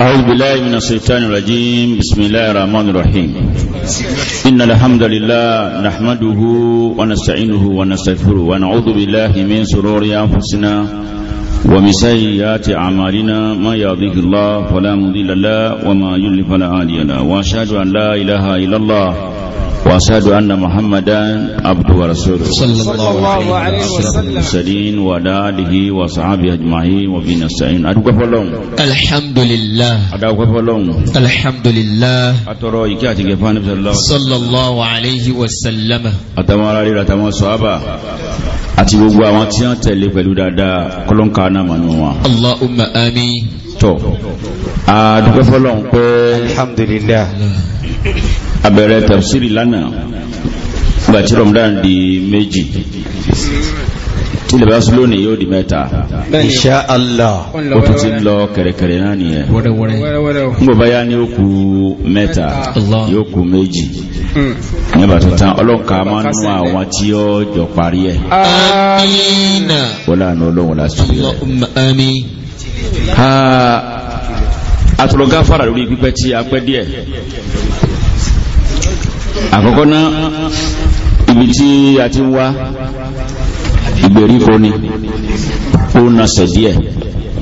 أعوذ بالله من الشيطان الرجيم بسم الله الرحمن الرحيم إن الحمد لله نحمده ونستعينه ونستغفره ونعوذ بالله من شرور أنفسنا ومن سيئات أعمالنا ما يهده الله فلا مضل له وما يضلل فلا هادي له وأشهد أن لا إله إلا الله وأشهد أن محمدا عبده ورسوله صلى الله عليه وسلم سلين وداله وصحابه أجمعين وبين السعين أدوك فلون الحمد لله أدوك فلون الحمد لله أترى إكاتي كفان صلى الله عليه وسلم أتمارى لي أتمارى صحابة àti gbogbo àwọn tí wọ́n tẹ̀lé pẹ̀lú dáadáa kọlọ́nkà náà mà nù wọn. Allahumma amin. tọ́ àdúgbò fọlọ́n pé. alhamdulillah abẹ̀rẹ̀ tafsiri lánàá gbàtí ramadan di méjì tí lè bá súlò ní yóò di mẹ́ta insha Allah ó tún ti lọ kẹ̀rẹ̀kẹ̀rẹ̀ náà nìyẹn nígbà báyá ní ó kù mẹ́ta yóò kù méjì hmm. nígbà tó tán ọlọ́nkà máa ń mú àwọn tí ó jọ parí ẹ̀ amina fara láàánú ọlọ́run láti rí lórí pípẹ́ tí a pẹ́ díẹ̀ àkọ́kọ́ náà ibi tí a ti ń wá ìgbèríko ni ó nasẹ̀ díẹ̀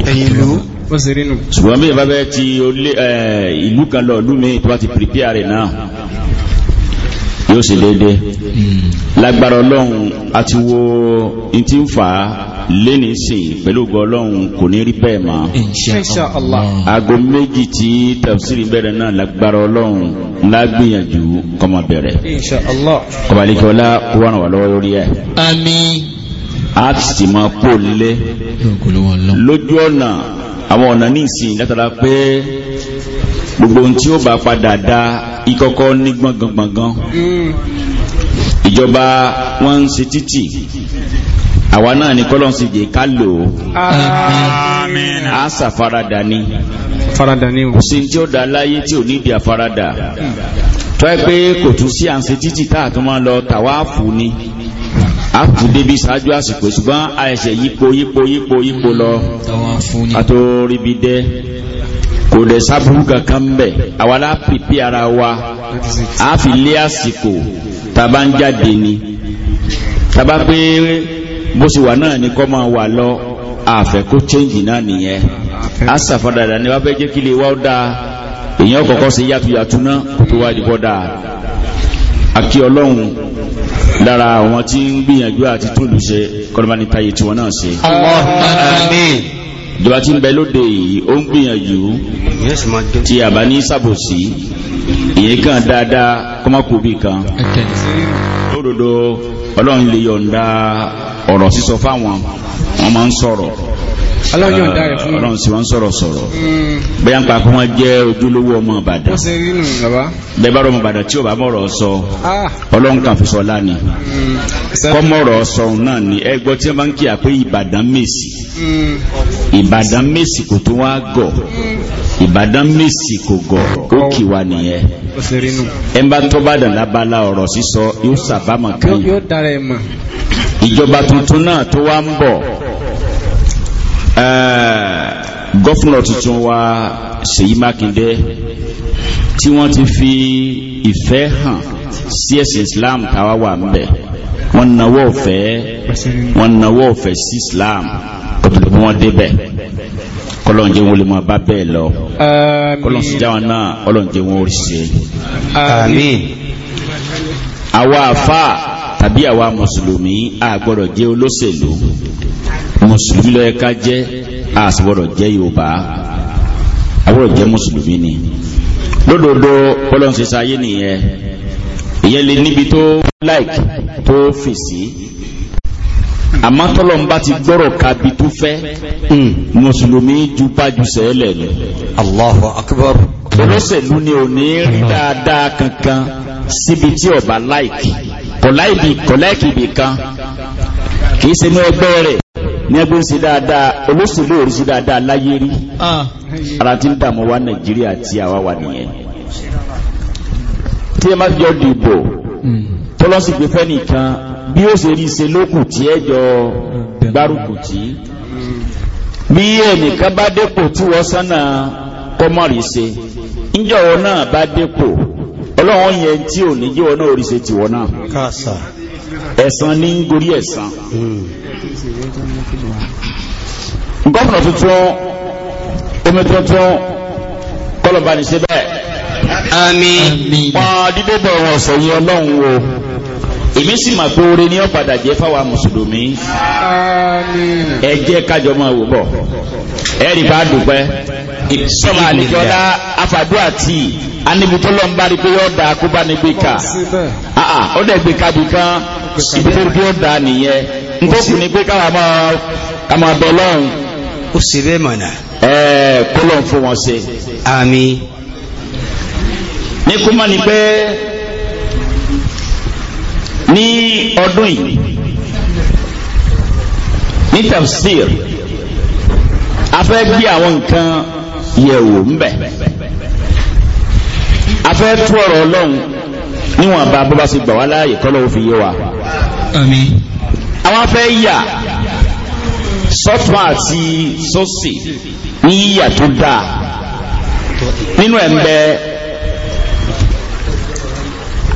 ẹ̀yìn ìlú ṣùgbọ́n bí ìbá ti ìlú kan lọ ìlú mi tó bá ti pìrìpíà rẹ̀ náà yóò sì dédé hmm. lágbára ọlọ́run àti wo in ti ń léni sí pẹ̀lú ọgbọ́ ọlọ́run kò ní rí bẹ́ẹ̀ mọ́ insha Allah aago méjì tí tafsiri bẹ̀rẹ̀ náà lágbára ọlọ́run lágbìyànjú kọmọ bẹ̀rẹ̀ insha Allah kọbalikọ́lá kó wà wà lọ́wọ́ lórí ẹ̀ àmín a ti máa pò lé lójú ọ̀nà àwọn ọ̀nà ní ìsìn látara pé gbogbo ohun tí ó bá padà da ikọ́kọ́ ní gbọ̀ngàngbọ̀ngàn mm. ìjọba wọn ń ṣe títì àwa náà ni kọ́lọ́n sì jẹ́ ká lò ó àmín a ṣàfaradà ni farada ni o kò sí tí ó da láyé tí ò ní ìdí tọ́ ẹ pé kò tún sí à ń ṣe títì káàtó máa lọ tàwáàfù ni àfù débi ṣáájú àsìkò ṣùgbọ́n àìṣẹ̀ yípo yípo yípo yípo lọ àtòríbi kò dẹ̀ sábúrú kankan bẹ̀ àwàlá pèpè ara wa a fi lé àsìkò tàbá ń jáde ni tàbá pé bó ṣe wà náà ni kọ́ máa wà lọ àfẹ́ kó chẹ́ǹgì náà nìyẹn a sàfàdàdà ni wọ́n fẹ́ jẹ́ kí lè wá ó dáa èèyàn kọ̀ọ̀kan sí yàtúyàtú náà kó tó wá dìbò dáa àkí ọlọ́run lára àwọn tí ń gbìyànjú àti túlù ṣe kọ́nàmánítayé tí wọ́n náà ṣe. Allahumma àmín ìjọba tí ń bẹ lóde yìí ó ń gbìyànjú tí a bá ní sàbòsí ìyẹn kan dáadáa kọ́mọ́kùbì kan lódodo ọlọ́run lè yọ̀ǹda ọ̀rọ̀ sísọ fáwọn wọn ń sọ̀rọ̀ ọlọ́yọ̀n dáre hmm. fún wọn ọlọ́run sì wọ́n sọ̀rọ̀ sọ̀rọ̀ bẹ́yà ń pa kí wọ́n jẹ́ ojúlówó ọmọ ìbàdàn ó ṣe rí nù bàbá bẹ́ẹ̀ bá ọmọ ìbàdàn tí ò bá mọ̀rọ̀ sọ ah. ọlọ́run kan fi sọ lánì hmm. kọ́mọ̀rọ̀ sọ náà ni ẹ gbọ́ tí wọ́n bá ń kíyà pé ìbàdàn mèsì hmm. ìbàdàn mèsì kò tó wá gọ̀ ìbàdàn mèsì kò gọ̀ ó kì wá nìyẹn ẹ bá tó bá lábala ọ̀rọ̀ sísọ yóò sàbámọ̀ kan ìjọba tuntun náà tó wá ń bọ̀ Eh, gọ́fúnà tuntun wa Ṣèyí Mákindé tí wọ́n ti fi ìfẹ́ hàn sí ẹ̀sìn Islam táwa wà ń bẹ̀ wọ́n nawọ́ ọ̀fẹ́ wọ́n nawọ́ ọ̀fẹ́ sí Islam kọ̀tùlù kí wọ́n débẹ̀ kọlọ́njẹ́ wọn lè máa bá bẹ́ẹ̀ lọ kọlọ́njẹ́ wọn náà kọlọ́njẹ́ wọn ò rí ṣe. àmín àwa àbí àwa mùsùlùmí a gbọ́dọ̀ jẹ́ olóṣèlú mùsùlùmí ló yẹ ká jẹ́ a sì gbọ́dọ̀ jẹ́ yorùbá a jẹ́ mùsùlùmí ni lódodo pọlọ́nsẹsẹ ayé nìyẹn ìyẹn lè níbi tó like tó fèsì àmọ́ tọ́lọ̀ ń bá ti gbọ́rọ̀ kabi tó fẹ́ hmm. mùsùlùmí ju bájú sẹ́lẹ̀ lọ. Allahu akbar. olóṣèlú ni ò ní rí dáadáa kankan síbi tí ọba láìkì. Like kọ̀láìkìbì kan kìí ṣe ní ẹgbẹ́ rẹ̀ ní ẹgbẹ́ sí dáadáa olóṣèlú orí sí dáadáa láyé rí ah. ara tí ń dààmú wa nàìjíríà tí àwa wà nìyẹn tí ẹ má fi jọ dìbò hmm. tọ́lọ́sì gbé fẹ́ nìkan bí ó ṣe rí ṣe lókù tí ẹ jọ hmm. gbárùkù tí bí ẹnìkan bá dépò tí wọ́n sánà kọ́mọ̀rì ṣe níjọ́ náà bá dépò ọlọ́run yẹn tí ò ní yíwọ náà oríṣẹ́ tiwọ náà ẹ̀san ní ń gorí ẹ̀san hmm. gómìnà tuntun omi tuntun kọlọ̀bá ní ṣe bẹ́ẹ̀ àmín pàdídébọ̀ wọn ọlọ́run o èmi sì mà pé oore ní ọ̀padà jẹ́ fáwa mùsùlùmí ẹ jẹ́ kájọ máa wò bọ̀ ẹ rí bá dùpẹ́ sọ́mà àlejòdá afàdúrà tí anibutọ́lọ́ ń bá rí pé yóò da kó bá ní gbé ah, ah, ó dẹ̀ gbé ká bìkan ibi tó yóò da nìyẹn ntókù ni pé káwa máa bẹ̀ lọ́hùn. ó sì bẹ́ẹ̀ mọ̀nà. ẹ̀ẹ́ kó lọ́n fún wọn ṣe. àmín. ní kúmọ̀ ni pé. Pe ọdún yìí ní tafsir a fẹ́ gbé àwọn nǹkan yẹ̀wò ńbẹ̀ a fẹ́ tú ọ̀rọ̀ ọlọ́run níwọ̀n bá bọ́ bá gbà wá láàyè kọ́lọ́wọ́ fi yé wa àwọn afẹ́ yà sọ́tún àti sósì ní yíyà tó dáa nínú ẹ̀ ń bẹ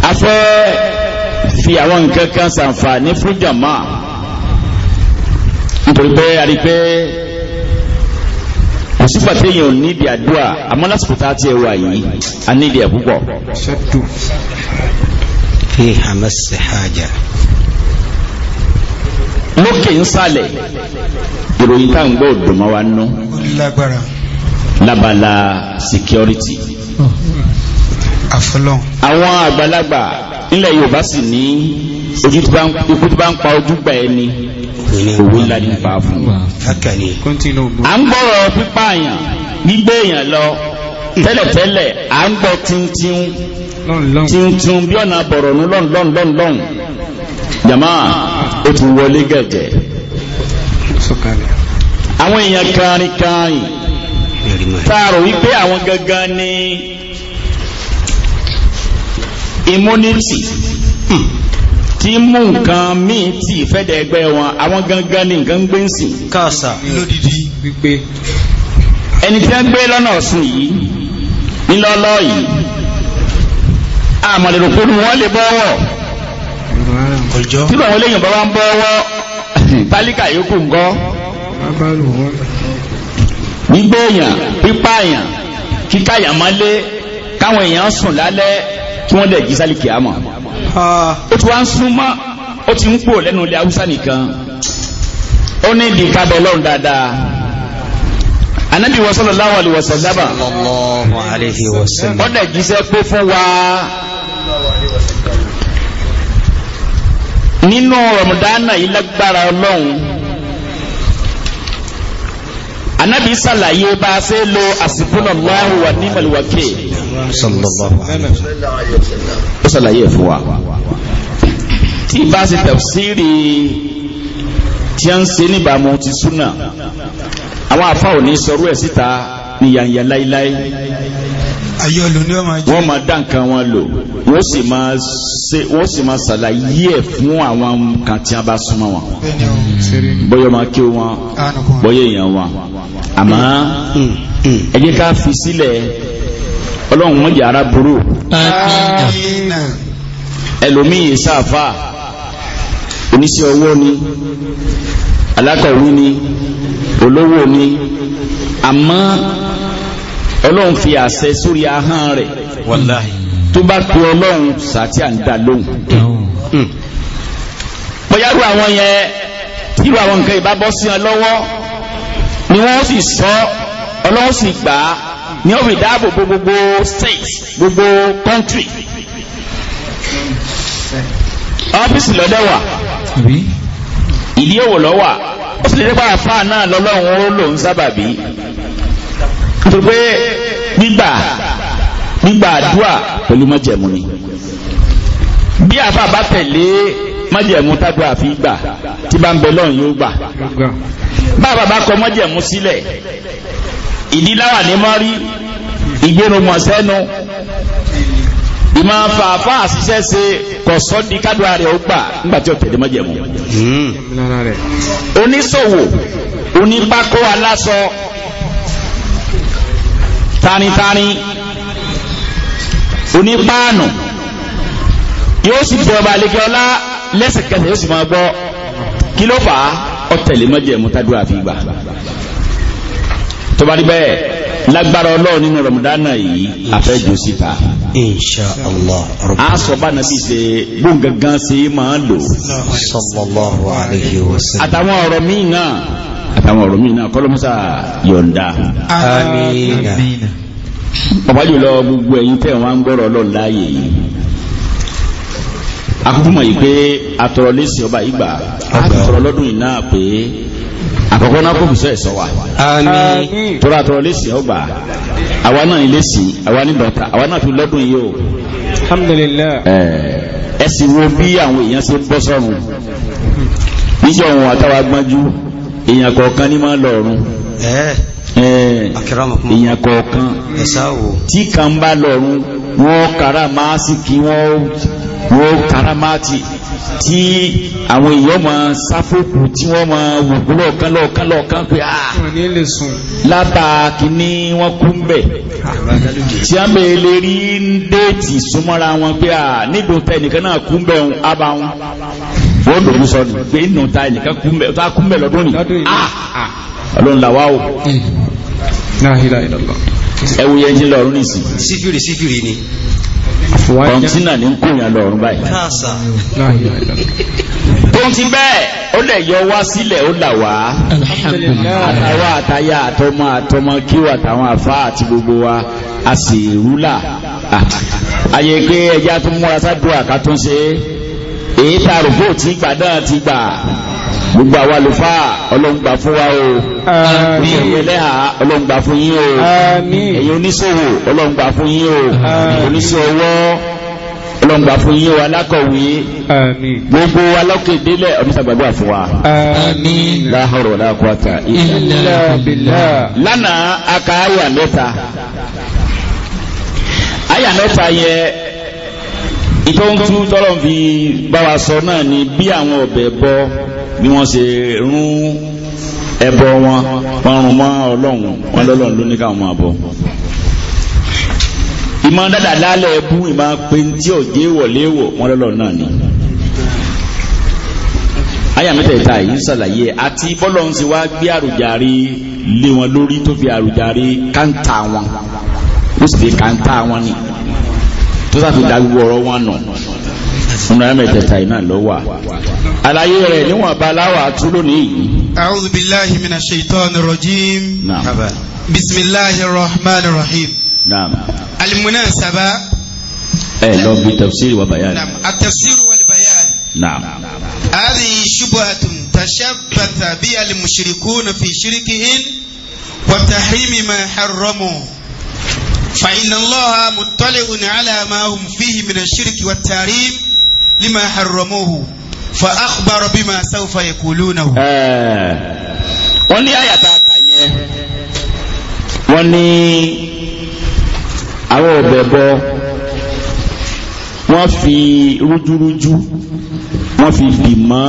afẹ́ fi àwọn nǹkan kan ṣàǹfààní fún jàmá nítorí pé a rí pé kò sígbà tí èèyàn nídìí àdúrà àmọ́ lásìkò tá a ti ẹwà yìí a nídìí ẹ̀ púpọ̀. fi hamas haja. lókè ń sálẹ̀ ìròyìn tá ń gbọ́ òdùnmọ́ wa nú. lágbára. labala security. Hmm. àfọlọ́n. àwọn àgbàlagbà nílẹ̀ Yorùbá sì ní ojú tí bá ń pa ojú gbà ẹni owó ńlá ní pa fún à ń gbọ́rọ̀ pípààyàn gbígbé èèyàn lọ tẹ́lẹ̀tẹ́lẹ̀ à ń gbọ́ tíntín tíntín bí ọ̀nà bọ̀rọ̀ ní lọ́nlọ́nlọ́n jama ó ti wọlé gẹ̀jẹ̀ àwọn èèyàn kárìnkárìn táàrò wípé àwọn gangan ni immunity hmm. tí mú nǹkan míì tí ìfẹ́dẹ̀ ẹgbẹ́ wọn àwọn gangan ní nǹkan gbé ń sìn káàsà lódìdí gbígbé ẹni tí wọ́n gbé lọ́nà ọ̀sìn yìí nílọ́lọ́ yìí àmọ̀lẹ̀rò pé wọ́n lè bọ́wọ́ tí àwọn eléyìn bá ń bọ́wọ́ tálíkà yòókù ń gọ́ gbígbé èèyàn pípa èèyàn kíkà èèyàn mọ́lé káwọn èèyàn sùn lálẹ́ tí wọ́n dẹ̀ jí sálìkì àmọ́ ó ti wá ń súnmọ́ ó ti ń pò lẹ́nu ilẹ̀ haúsá nìkan ó ní ìdí kábẹ́ lọ́run dáadáa anabi wa sallallahu alaihi wa sallama ó dẹ̀ jíṣẹ́ pé fún wa nínú ramadana yìí lágbára ọlọ́run anábì sàlàyé bá a ṣe lo àsìkúnàláhù wà ní màlúwàkè ó sàlàyé fún wa tí bá ṣe tafsiri tí a ń ṣe níbàámu ti súnà àwọn àfáà ní sọrú ẹ̀ síta ní yànyàn láíláí ayọ́lù ni wọ́n máa jẹ́ wọ́n máa dá nǹkan wọn lò wọ́n sì máa ṣe wọ́n sì máa ṣàlàyé ẹ̀ fún àwọn kan tí a bá súnmọ́ wọn bóyá máa kí wọn bóyá èèyàn wọn àmọ́ mm, mm. ẹ jẹ́ ká fi sílẹ̀ ọlọ́run wọn jẹ́ ara burú sáfà oníṣẹ́ ọwọ́ ni alákọ̀wé ni olówó ni àmọ́ ọlọ́run fi àṣẹ sórí ahọ́n rẹ̀ wàláhì tó bá pe ọlọ́run sàtí à ń dá lóhùn hmm. bóyárú àwọn yẹn irú àwọn nǹkan ìbá bọ́ sí ọ lọ́wọ́ ni wọ́n sì sọ ọlọ́run sì gbà á ni ó fi dáàbò bo gbogbo state gbogbo country ọ́fíìsì lọ́dẹ̀ wà ìdí òwò lọ́wà ó sì lè dẹ́gbàrà fáà náà lọ́lọ́run ó lòun sábàbí nítorí pé gbígbà gbígbà àdúà pẹ̀lú májẹ̀mú ni bí àfa bá tẹ̀lé májẹ̀mú tábí àfi gbà tí bá ń bẹ lọ́run yóò gbà bàbá bá kọ májẹ̀mú sílẹ̀ ìdíláwà ní mọ́rí ìgbéròmọ̀ sẹ́nu ìmọ̀ fàáfà àṣìṣẹ́ ṣe kò sọ di kádùá rẹ̀ ó gbà nígbà tí ó tẹ̀lé májẹ̀mú. Hmm. oníṣòwò onípákó aláṣọ tánítání onípaanu yóò sì bọ̀ ọba àlekẹ́ ọlá lẹ́sẹ̀kẹsẹ̀ yóò sì máa gbọ́ kí ló fà á ọ̀tẹ̀lẹ́mọ́jẹ̀ mọ́tàdúrà fi gbà tó bá rí bẹ́ẹ̀ lágbára ọlọ́run nínú ramadana yìí afẹ́jọ síta insha Allah a sọ bá nàbí ṣe gbóngangan ṣe máa lò sallallahu alaihi wasallam àtàwọn ọ̀rọ̀ míì náà àtàwọn ọ̀rọ̀ míì náà kọlọmọsà yọ̀ǹda àmín ọba jùlọ gbogbo ẹ̀yin tẹ́ wọn ń gbọ́rọ̀ yìí akúkú mọ̀ yìí pé atọ̀rọ̀ lẹ́sìn ọba ìgbà àtọ̀rọ̀ lọ́dún yìí àkọ́kọ́ náà kò bùsọ̀ ẹ̀sọ́ wa. àmín tóra àtọ̀rọ̀ lè sí ọgbà àwa náà lè sí àwa ní ọrụ àwa náà fi lọ́dún yìí o. ẹ sì wo bí àwọn èèyàn ṣe bọ́ sọ́run èèyàn kọ̀ọ̀kan tí kan bá lọ́rùn wọ́n kàrà máa sì kí wọ́n kàrà máa ti tí àwọn èèyàn ma sáfòkù tí wọ́n ma wòkú lọ́ọ̀kan lọ́ọ̀kan lọ́ọ̀kan pé ah! látàkì wọ́n kú a bẹ̀ lè rí déètì súnmọ́ra wọn pé ah! nídùn tẹ́ nìkan náà kú ń bẹ̀ ń wọn wọ́n ọlọ́run làwá o ẹwù yẹn jí lọ́rùn nìsí sífìrì sífìrì ni kọ̀ǹtínà ní kòyàn lọ́rùn báyìí tó ti bẹ́ẹ̀ ó lẹ̀ yọ wá sílẹ̀ ó là wá àtàwà àtàyà àtọmọ àtọmọ kíwà àtàwọn àfá àti gbogbo wa a sì rúlà ayé pé ẹjá tó múra sádùn àkàtúnṣe èyí tààrùkú tí gbà náà ti gbà gbogbo àwọn àlùfáà ọlọ́ngbà fún wa o àmín ẹlẹ́hà ọlọ́ngbà fún yín o àmín ẹ̀yin oníṣòwò ọlọ́ngbà fún yín o àmín oníṣòwò ọlọ́ngbà fún yín o alákọ̀wé gbogbo alọ́kẹ̀délẹ̀ ọmọsàgbàgbà fún wa àmín la hawla wala quwwata illa billah lánàá aka àyà mẹ́ta àyà mẹ́ta yẹ ìtọ́ ń tú tọ́lọ́ fi bá sọ náà ni bí àwọn ọ̀bẹ bọ bí wọ́n ṣe rún ẹbọ wọn wọn rún mọ́ ọlọ́run wọn lọ́lọ́run ló ní káwọn máa bọ ìmọ̀ dáadáa lálẹ́ ẹbú ìmọ̀ pé tí wọlé wọ̀ wọn lọ́lọ́run náà ni aya mẹ́tẹ̀ẹ̀ta yìí ń ṣàlàyé àti bọ́lọ̀ ń sì wá gbé àrùjàre lé wọn lórí tó fi àrùjàre káńtà wọn ó sì fi káńtà wọn ni tó sáfi dágbó ọ̀rọ̀ wọn nù ọ̀nà ẹ̀mẹ̀tẹ̀ta iná lọ wà àlàyé rẹ̀ níwọ̀n baláwà tú lónìí yìí. a'udhu billahi minash shaitanir rajim bismillahir rahmanir rahim. al-munasaba. ẹ lọ bi tafsir wa bayan. at-tafsir wal bayan. نعم هذه شبهة تشبث بها المشركون في شركهم وتحريم ما حرموا فإن الله مطلع على ما هم فيه من الشرك والتعريم لما حرموه فأخبر بما سوف يقولونه wọ́n ní àyà tá a kà yẹn wọ́n ní àwọn ọ̀bẹ̀bọ wọ́n fi rújúrújú wọ́n fi dì mọ́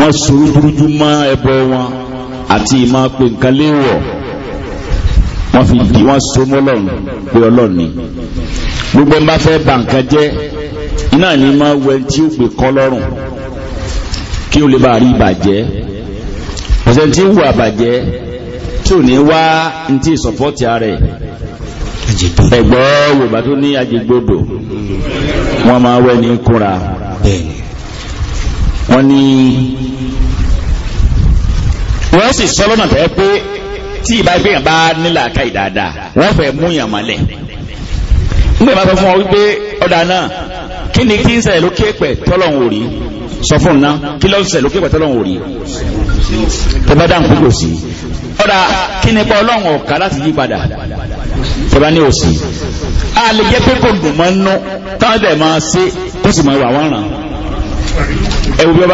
wọ́n so rújúrújú mọ́ ẹbọ wọn àti ìmọ̀ pé nǹkan léèwọ̀ wọ́n fi di wọ́n so mọ́ lọ́rùn pé ọlọ́run ni gbogbo ń bá fẹ́ bà nǹkan jẹ́ iná ní máa wẹ tí ó gbé kọ́ lọ́rùn kí ó lè bá rí ìbàjẹ́ ọ̀sẹ̀ tí ń wù àbàjẹ́ tí ò ní wá ní tí ìsọ̀pọ̀tì ara ẹ̀ ẹ̀gbọ́ wòbá tó ní ajégbodò wọ́n máa wẹ́ ní kúra wọ́n ní wọ́n sì sọ lọ́nà tẹ́ pé tí ìbá gbé yàn bá nílà ká ìdáadáa wọ́n fẹ́ mú yàn mọ́lẹ̀ nígbà máa sọ fún ọ wípé ọ̀dà náà kí ni kí ń ṣẹlẹ̀ lókè pẹ̀ tọ́lọ́hún ò rí sọ fún ná kí ló ń ṣẹlẹ̀ lókè pẹ̀ tọ́lọ́hún ò rí tẹ́bá dáhùn kúrò sí ọ̀dà kí ni pa ọlọ́run ọ̀ka láti yí padà tẹ́bá ní òsì a lè jẹ́ pé kò dùn mọ́ nú táwọn ẹ̀dẹ̀ máa ṣe kó sì máa wà wọ́n ràn ẹ̀wù bí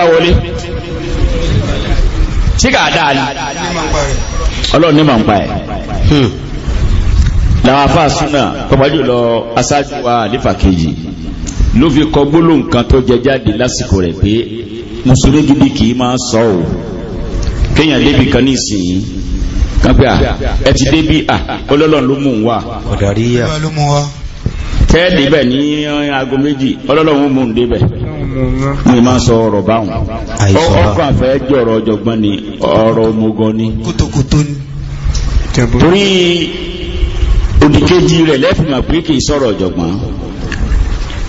ọlọ́run ní màá pa ẹ̀ hmm. làwọn afá súnà pàpàjù lọ aṣáájú wa àlífà kejì ló fi kọ gbólóhùn kan tó jẹ jáde lásìkò rẹ̀ pé mùsùlùmí gidi kì í máa sọ ò kéèyàn débi kan ní ìsìn kápẹ́ à ẹ ti débi à ọlọ́run ló mú un wá ọ̀dàríyà tẹ́ẹ̀dì bẹ̀ ní aago méjì ọlọ́run mú un débẹ̀ mo máa sọ ọ̀rọ̀ báwọn ọkọ̀ àfẹ́ jẹ́ ọ̀rọ̀ ni ọ̀rọ̀ omugan ni kútokútó ni torí òdìkejì rẹ̀ lẹ́fìmọ̀ pé kì í sọ̀rọ̀ ọ̀jọ̀gbọ́n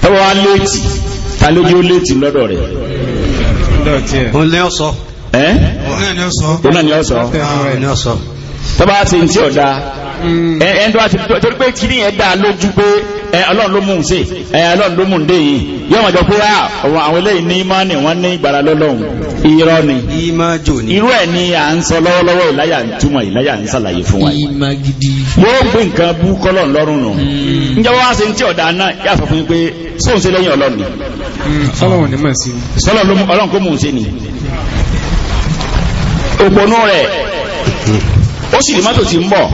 tọ́wọ́ á léètì ta ló jẹ́ ó léètì lọ́dọ̀ rẹ̀ òun ni ó sọ òun náà ni ó sọ tọ́ba ti ń tí ọ̀dà mm. ẹ̀ ẹ̀ ń tọ́ba ti torí pé kí ni ẹ̀ dá lójú pé ọlọ́run ló mú un ṣe ọlọ́run ló mú un dé yìí yóò wọ́n jọ pé ah, àwọn eléyìí ní ìmánì wọ́n ní ìgbàlá lọ́lọ́run irọ́ ni irú ẹ̀ ni à ń sọ lọ́wọ́lọ́wọ́ ìláyà ń túmọ̀ ìláyà ń sàlàyé fún wa yóò gbé nǹkan bú kọ́lọ̀ lọ́rùn nù hmm. ǹjẹ́ wọ́n á ṣe tí ọ̀dà náà yà sọ fún mi pé sóun ṣe lẹ́yìn ọlọ́run ni hmm, ọlọ́run kó mú un ṣe ni òpònú rẹ̀ ó sì rí mọ́tò tí ń bọ̀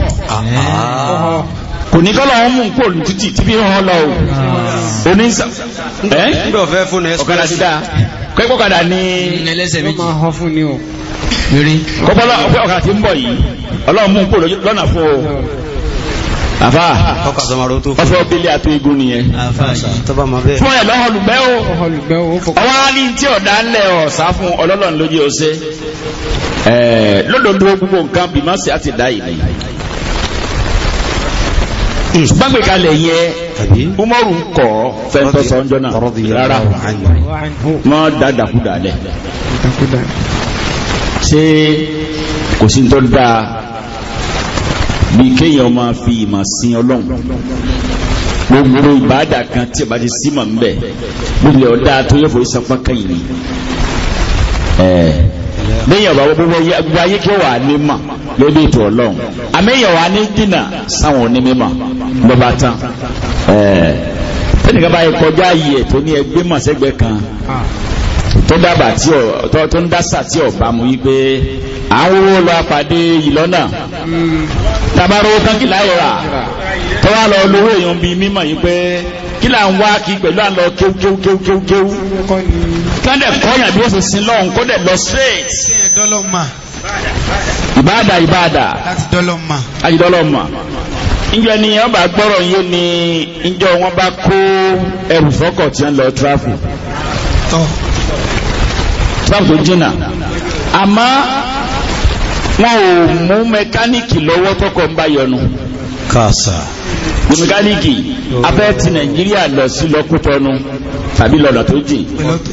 kò ní kọ́lọ̀ ọmú kò ní títì tí bí wọ́n lọ o ẹ́ ọ̀fẹ́ fún ọ̀kadà dáa ẹlẹ́sẹ̀ méjì ọ̀pẹ́ ọ̀kadà ń bọ̀ yìí kò lọ́nà fún o ọ̀fẹ́ àti nìyẹn fún ẹ̀ lọ́họ̀lùgbẹ́ o ọwọ́ alí tí ọ̀dá ńlẹ̀ ọ̀sá fún ọlọ́lọ́ lójú ọ̀sẹ̀ gbogbo nǹkan gbàgbé kalẹ̀ yẹ umaru kọ fẹ́ntọ́ sọ́njọ́ náà rárá wọ́n dá dàkúdà lẹ̀ ṣé kò sí tó dáa bí kéèyàn máa fi ìmọ̀ sin ọlọ́run gbogbo ìbáàdà kan tí ìbá ti símọ̀ ń bẹ̀ gbogbo ọ̀dà tó yẹ fò ìsapá kẹ́yìn ni. léyìn ọ̀bà gbogbo ayé wà ní mà lórí ètò ọlọ́run àmẹ́yìn wà ní dínà sáwọn onímọ̀ lọ́ba tán tẹ́nìkan báyìí kọjá tó ní ẹgbẹ́ kan tó dábàá tí ọ tó ń tí yí pé lọ apàdé ìlọ́nà kẹ́ndẹ̀ kọ́yàn bí ó sì sin lọ́hun kó dẹ̀ lọ straight. ìbáàdà ìbáàdà láti dọ́lọ́mà. ìjọ ni wọ́n bá gbọ́rọ̀ yóò ní ìjọ wọn bá kó ẹrù fọ́kọ̀ tí wọ́n lọ tráfù. tráfù jìnnà àmọ́ wọn ò mú mẹkáníìkì lọ́wọ́ tọkọ̀ ń bá yọnu. kàṣà mẹkáníkì afẹ́ ti nàìjíríà lọ sí lọ́kútọ́nu tàbí lọ́nà tó jìn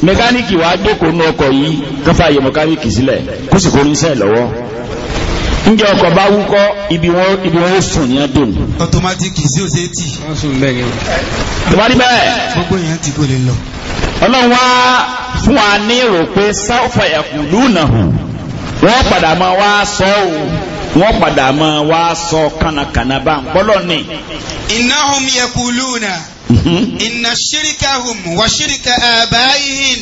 mẹkáníkì wàá jókòó nú ọkọ̀ yìí káfà yẹ mẹkáníkì sílẹ̀ kó sì kó níṣẹ́ lọ́wọ́ ǹjẹ́ ọkọ̀ bá wúkọ ibi wọn ibi wọn ó sùn ní adùn. ọtọmátìkì sí ó ṣeé tì. wọn sùn bẹ́ẹ̀ yẹn. tọmátì bẹ́ẹ̀. gbogbo èèyàn ti kò lè lọ. ọlọ́run wá fún wa ní pé sáfà ẹ̀kú lùnà wọ́n padà máa wá sọ ọ́ wọ́n padà mọ́ wá sọ kànàkànà bá ń pọ́lọ́ ní. innahum yaquluna. إن شركهم وشرك آبائهم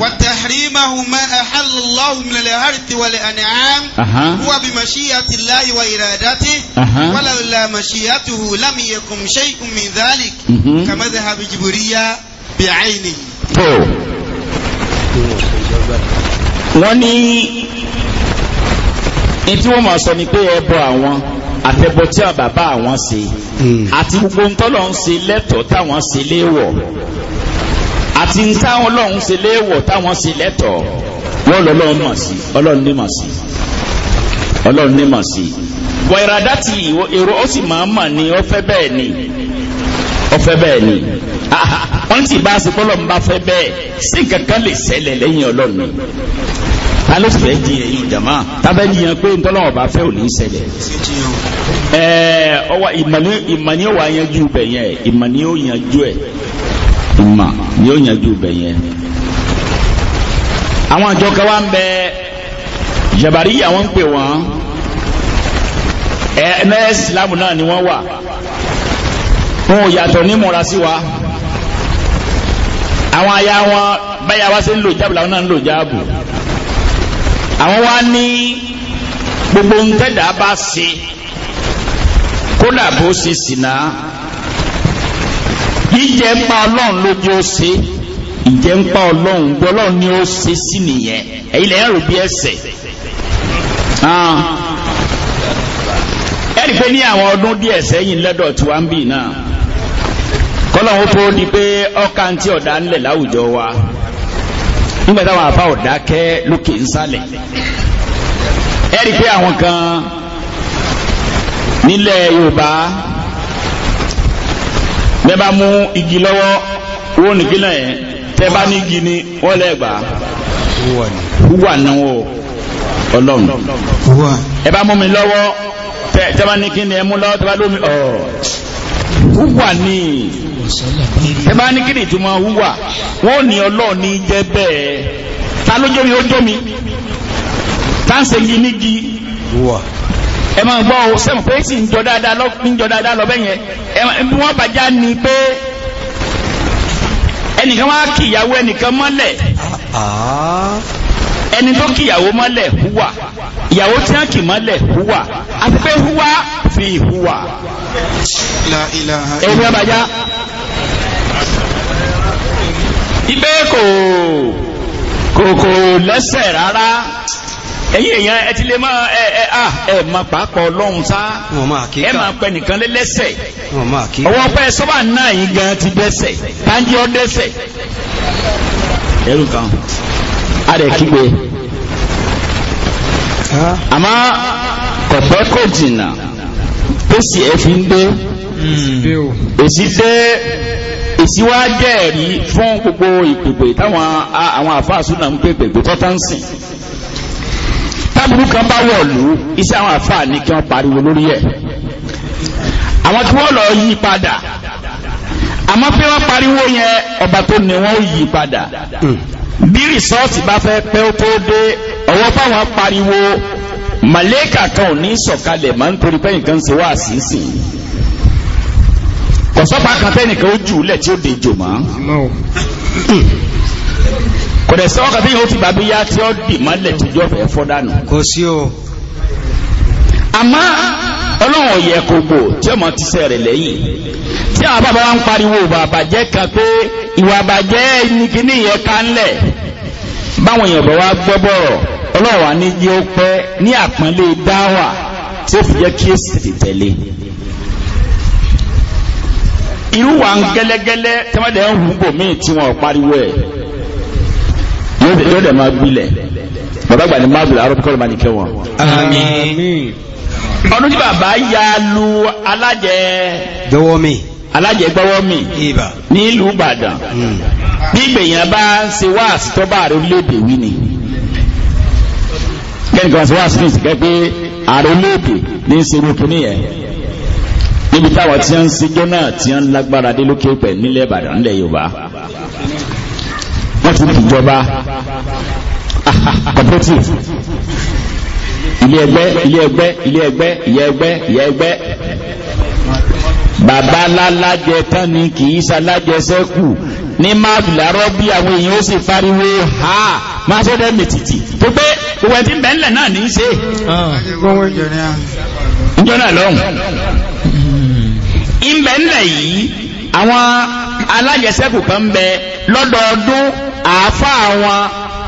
وتحريمهم ما أحل الله من الأرض والأنعام هو بمشيئة الله وإرادته ولولا مشيئته لم يكن شيء من ذلك كما ذهب جبرية بعينه. wọ́n ní ní tí wọ́n máa sọ ni pé ẹbọ àwọn àfẹbọ tí àwọn bàbá àwọn ṣe hmm. àti gbogbo ntọ́lọ̀ ń ṣe lẹ́tọ̀ọ́ táwọn ṣe léèwọ̀ àti ntáwọn ọlọ́run ṣe léèwọ̀ táwọn ṣe lẹ́tọ̀ọ́ wọ́n lọ ọlọ́run mọ̀ sí ọlọ́run ní mọ̀ sí ọlọ́run ní mọ̀ sí. wọ ìràdá ti èrò ó sì máa ń mọ̀ ni ó fẹ́ ni ó fẹ́ ni wọ́n ti bá a ṣe kọ́lọ́ ń bá fẹ́ bẹ́ẹ̀ sí kankan lè ṣẹlẹ̀ lẹ́yìn ọlọ́run ta ló fẹ́ di ẹ̀yìn jama tábẹ́ nìyẹn pé ntọ́lọ́wọ́ bá fẹ́ ò ní ṣẹlẹ̀ ẹ̀ẹ́ ọwọ́ ìmọ̀ ni ó wà yanjú bẹ̀ yẹn ìmọ̀ ni ó yanjú ẹ̀ ìmọ̀ ni ó yanjú bẹ̀ àwọn àjọ kan ń bẹ jabari àwọn ń pè wọ́n ẹ̀ ẹ̀ náà náà ni wọ́n wà wọn ò yàtọ̀ ní mọ̀ra sí wa àwọn aya wọn báyà wá sí ń lò jáàbù làwọn náà ń lò jáàbù. àwọn wa ní gbogbo ń bá se kódà bó se sìnà jíjẹ ń pa ọlọ́run lójú ó ṣe ìjẹ ń ọlọ́run gbọ́lọ́run ni ó sí bí ẹsẹ̀ ah. pé ní àwọn ọdún díẹ̀ sẹ́yìn lẹ́dọ̀ tí wá ń bì náà tó di wa. nígbàtà wọn àfa ọ̀dákẹ́ lókè nsàlẹ̀ ẹ rí i pé àwọn kan nílẹ̀ Yorùbá bẹ́ẹ̀ bá mú igi lọ́wọ́ wọ́n nìkí náà yẹn tẹ́ bá ní igi ni wọ́n lẹ́ wúwà náà ọlọ́run ẹ bá mú mi lọ́wọ́ tẹ́ bá ní kí ni ẹ mú lọ́wọ́ tẹ́ bá lómi ọ̀ wúwà níì ẹ bá ní kí ni ìtumọ̀ hùwà wọ́n ní ọlọ́ọ̀ ní jẹ́ bẹ́ẹ̀ ta ló jómi ó jómi tá ń segi nígi ẹ máa gbọ́ ọ sẹ́mu pé sì ń jọ dáadáa lọ ń jọ dáadáa lọ bẹ́yẹn ẹ bí wọ́n bàjá ni pé ẹnìkan wá kí ìyàwó ẹnìkan mọ́lẹ̀ ah, ah. ẹni tó kí ìyàwó mọ́lẹ̀ hùwà ìyàwó tí wọ́n kì mọ́lẹ̀ hùwà àti pé hùwà fi hùwà ẹ̀rọ bàjá ibé kò kòkò lẹ́sẹ̀ rárá ẹ̀yìn èèyàn ẹ ti lè máa ẹ ẹ à ẹ ma pàápọ̀ ọlọ́run tá ẹ máa pẹ nìkan lé lẹ́sẹ̀ ọwọ́ pẹ́ sọ́bà náà yìí gan ti dẹ́sẹ̀ tájí ọ dẹ́sẹ̀ ẹrù kan adẹ̀ kígbe àmọ́ kọ̀pẹ́ kò jìnnà tó sì ẹ fi ń dé èsì hmm. dé èsì wá jẹ́ ẹ̀rí fún gbogbo ìpèpè táwọn àwọn àfáàsùn náà ń pè pèpè tọ́tà ń sìn tábìlú kan bá wọ̀lú iṣẹ́ àwọn àfáà ní kí wọ́n pariwo lórí ẹ̀ àwọn tí wọ́n lọ yí padà àmọ́ pé wọ́n pariwo yẹn ọba tó ní wọ́n yí padà bí rìsọ́ọ̀tì bá fẹ́ pẹ́ ó tó dé ọwọ́ fáwọn pariwo màlẹ́kà kan ò ní sọ̀kalẹ̀ máa ń torí pé nǹkan ṣe wá sínsìn kọ̀sọ́pá kan tẹ́nìkan ó jù lẹ̀ tí ó dèjò mọ́ kò dẹ̀ sọ́kàn tí yóò ti bàbí yá tí ó dì mọ́lẹ̀ tí yóò fẹ́ fọ́ dànù. kò sí o. àmọ́ ọlọ́run ọ̀yẹ̀ kò gbò tí ọmọ ti sẹ́ rẹ̀ lẹ́yìn tí àwọn bàbá wa ń pariwo bàbàjẹ́ kan pé ìwà bàjẹ́ nìkíní yẹn ká ń lẹ̀ báwọn èèyàn bọ̀ wá gbọ́ bọ̀rọ̀ ọlọ́run wa ní yóò pẹ́ ní àpọ́nlé dáwà tí ó fi jẹ́ kí èsì tètè tẹ̀lé irú ń gẹ́lẹ́gẹ́lẹ́ tẹ́mọ́dẹ̀ ń hù bò míì tí wọ́n pariwo ẹ̀ yóò dẹ̀ máa gbilẹ̀ bàbá gbà ní mábìlì arọ́ kọ́lù máa ní wọn. ọdún tí bàbá ya lu alájẹ. gbọ́wọ́ alájẹ gbọ́wọ́ mi. Ìbàdàn. Hmm. bí gbèyàn bá ṣe wá àsìtọ́bà rẹ orílẹ̀ wí ni. kẹ́nìkan ṣe wá àsìtọ́bà rẹ orílẹ̀ ní ń kìnìyẹn níbi táwọn tí ń sijọ́ náà tí ń lágbára dé lókè pẹ̀ nílẹ̀ Ìbàdàn nílẹ̀ Yorùbá wọ́n ti dìjọba cooperative ilé ẹgbẹ́ ilé ẹgbẹ́ ilé ẹgbẹ́ ìyẹ ẹgbẹ́ ìyẹ ẹgbẹ́ bàbá lálájẹ tán ni kì í ṣalájẹ sẹ́kù ní máàbù làárọ̀ àwọn èèyàn ó sì fariwo ha máa ṣẹ́dẹ̀ mètìtì tó pé òwe tí ń bẹ́ńlẹ̀ náà ní í ṣe. ìjọ ah, náà lọ́hùn ìmbẹ̀ńlẹ̀ yìí àwọn alájẹsẹ́kù kan ń bẹ lọ́dọọdún àáfàá wọn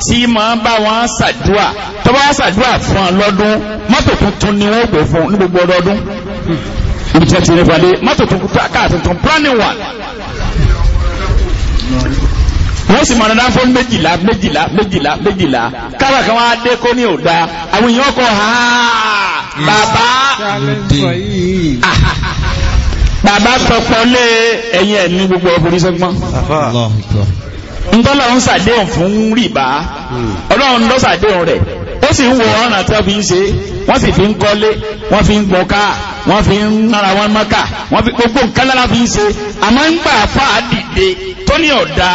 tí máa bá wọn ṣàdúà tó bá ṣàdúà fún ọ lọ́dún mọ́tò tuntun ni wọ́n gbé fún ní gbogbo ọdọọdún ibi tí wọ́n ti ní falẹ̀ mọ́tò tuntun káà tuntun planning one wọ́n sì máa dáná fún méjìlá méjìlá méjìlá méjìlá kára kan wá dé kó ní òdá àwọn èèyàn kọ ha bàbá bàbá pẹpọ lé ẹ̀yìn ẹ̀mí gbogbo ọkùnrin sẹ́gbọ́n ntọ́lọ̀ ń sàdéhùn fún rìbá hmm. ọlọ́run lọ sàdéhùn rẹ̀ ó sì ń wo ọ̀ràn tí wọ́n fi ń ṣe wọ́n sì fi ń kọ́lé wọ́n fi ń gbọ́ká wọ́n fi ń nára wọn mọ́ká wọ́n fi gbogbo nǹkan lára fi ń ṣe àmọ́ ń gbà fà á dìde tó ní ọ̀dà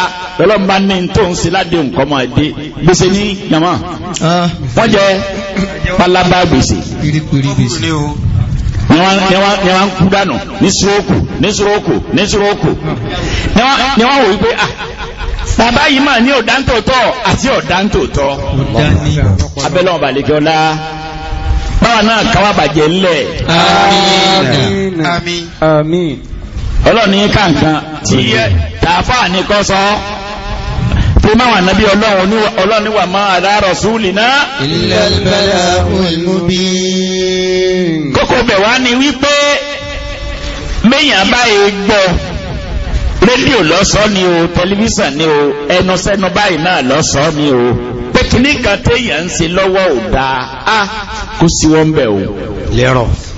ọlọ́run bá ní tó ń ṣe ládéhùn kọ́ máa dé gbèsè ní yàmọ́ ah. wọ́n jẹ́ pálábá gbèsè ni wọ́n ń kú dànù ní sírókù ní sírókù ní sírókù ni wọ́n wò wípé ah bàbá yìí mà ní ọ̀dántòótọ́ àti ọ̀dántòótọ́ abẹ́lẹ́ ọba àlejò ọlá báwa náà káwá bàjẹ́ ńlẹ̀ àmín àmín ọlọ́ni kàǹkan tí tààfà ní kọ́ sọ tó máa wà nábí ọlọ́run níwà máa àdáàrọ̀ súúlì náà illa al-bala'ul mubin bẹ̀ wá wípé méyàn báyìí gbọ́ rédíò lọ́sọ́ ni o tẹlifíṣàn ni o ẹnusẹ́nu báyìí náà lọ́sọ́ ni o pé kan téèyàn ń lọ́wọ́ ò kó sí wọn bẹ̀ o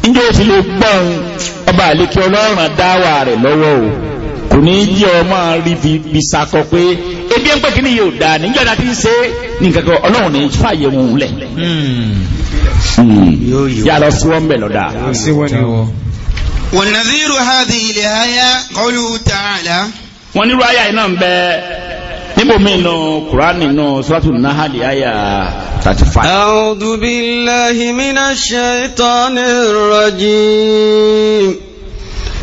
njẹ́ o ti lè gbọ́n ọba àlekí ọlọ́run rẹ̀ lọ́wọ́ o kò ní í jẹ́ rí ebi ń pè kí ni yóò dá níjọ́ náà ti ń ṣe ní kankan ọlọ́run ní fàyè wọn lẹ̀ hmm. yà lọ sí wọn bẹ̀ lọ́dà. wọ̀nàdírù hàdí ilẹ̀ ayá kọlu tààlà. wọ́n nírú ayá iná ń bẹ níbo mi nù kúránì nù sọ́tù náhàlì ayá 35. a'udhu billahi minash shaitanir rajim.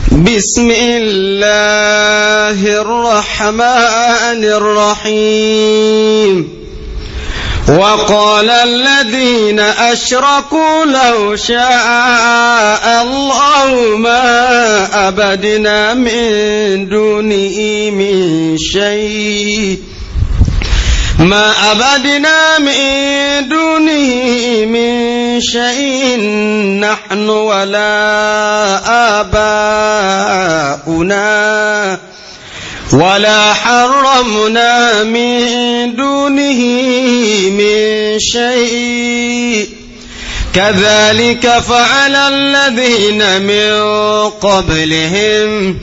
بسم الله الرحمن الرحيم وقال الذين أشركوا لو شاء الله ما أبدنا من دونه من شيء ما أبدنا من دونه من شيء نحن ولا آباؤنا ولا حرمنا من دونه من شيء كذلك فعل الذين من قبلهم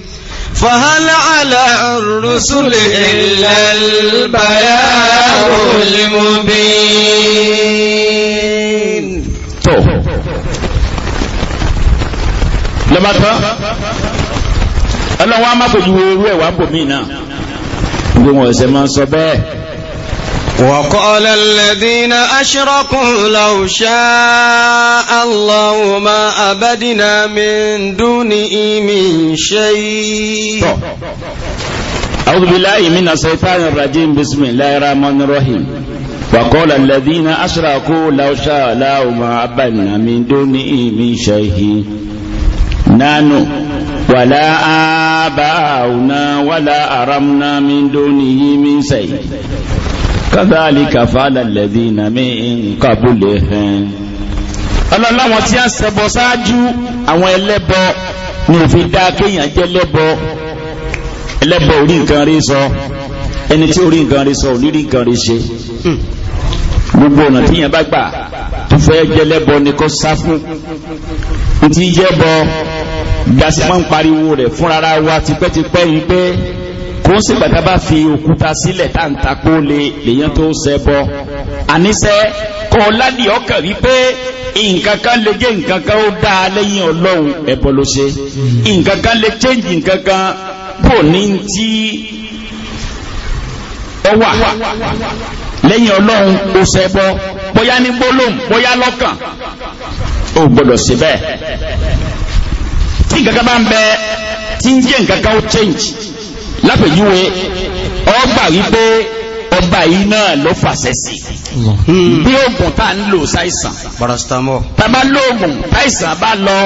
فهل على الرسل إلا البلاغ المبين تو لما ترى ọlọ́wọ́ a máa fojú ewé ẹ̀wà bòmí náà gbogbo ọ̀sẹ̀ máa sọ bẹ́ẹ̀ وقال الذين أشركوا لو شاء الله ما أبدنا من دونه من شيء أعوذ بالله من الشيطان الرجيم بسم الله الرحمن الرحيم وقال الذين أشركوا لو شاء الله ما أبدنا من دونه من شيء نحن ولا آباؤنا ولا أرمنا من دونه من شيء kadhalika fa'ala alladhina min qablihim ọlọ́láwọn tí a ṣẹbọ ṣáájú àwọn ẹlẹ́bọ ní òfin dá kéèyàn jẹ́ lẹ́bọ ẹlẹ́bọ orí nǹkan rí sọ ẹni tí orí nǹkan rí sọ onírí nǹkan rí ṣe gbogbo ọ̀nà tí yẹn bá gbà tó fẹ́ jẹ́ lẹ́bọ ni kó sá fún ní ti jẹ́ bọ ń pariwo rẹ̀ fúnra wa tipẹ́tipẹ́ yìí pé tó ń sèpàtà bá fi òkúta sílẹ̀ tá à ń takó lè lèyàn tó ṣẹbọ àníṣẹ́ kọ́ ládì ọkàn wípé nǹkan lè gé nǹkan ó dáa lẹ́yìn ọlọ́run ẹ̀bọ ló ṣe nǹkan lè change nǹkan kan bò ní tí ọ wà lẹ́yìn ọlọ́run ó ṣẹbọ bóyá ní gbólóhùn bóyá lọ́kàn ó gbọ́dọ̀ ṣe bẹ́ẹ̀ tí nǹkan bá ń bẹ tí ń jẹ́ nǹkan ó change lápèjúwe ọgbà wípé ọba yìí náà ló fàṣẹ sí hmm. bí oògùn tá à ń lò ṣàìsàn parastamọ tàbá lóògùn táìsàn bá lọ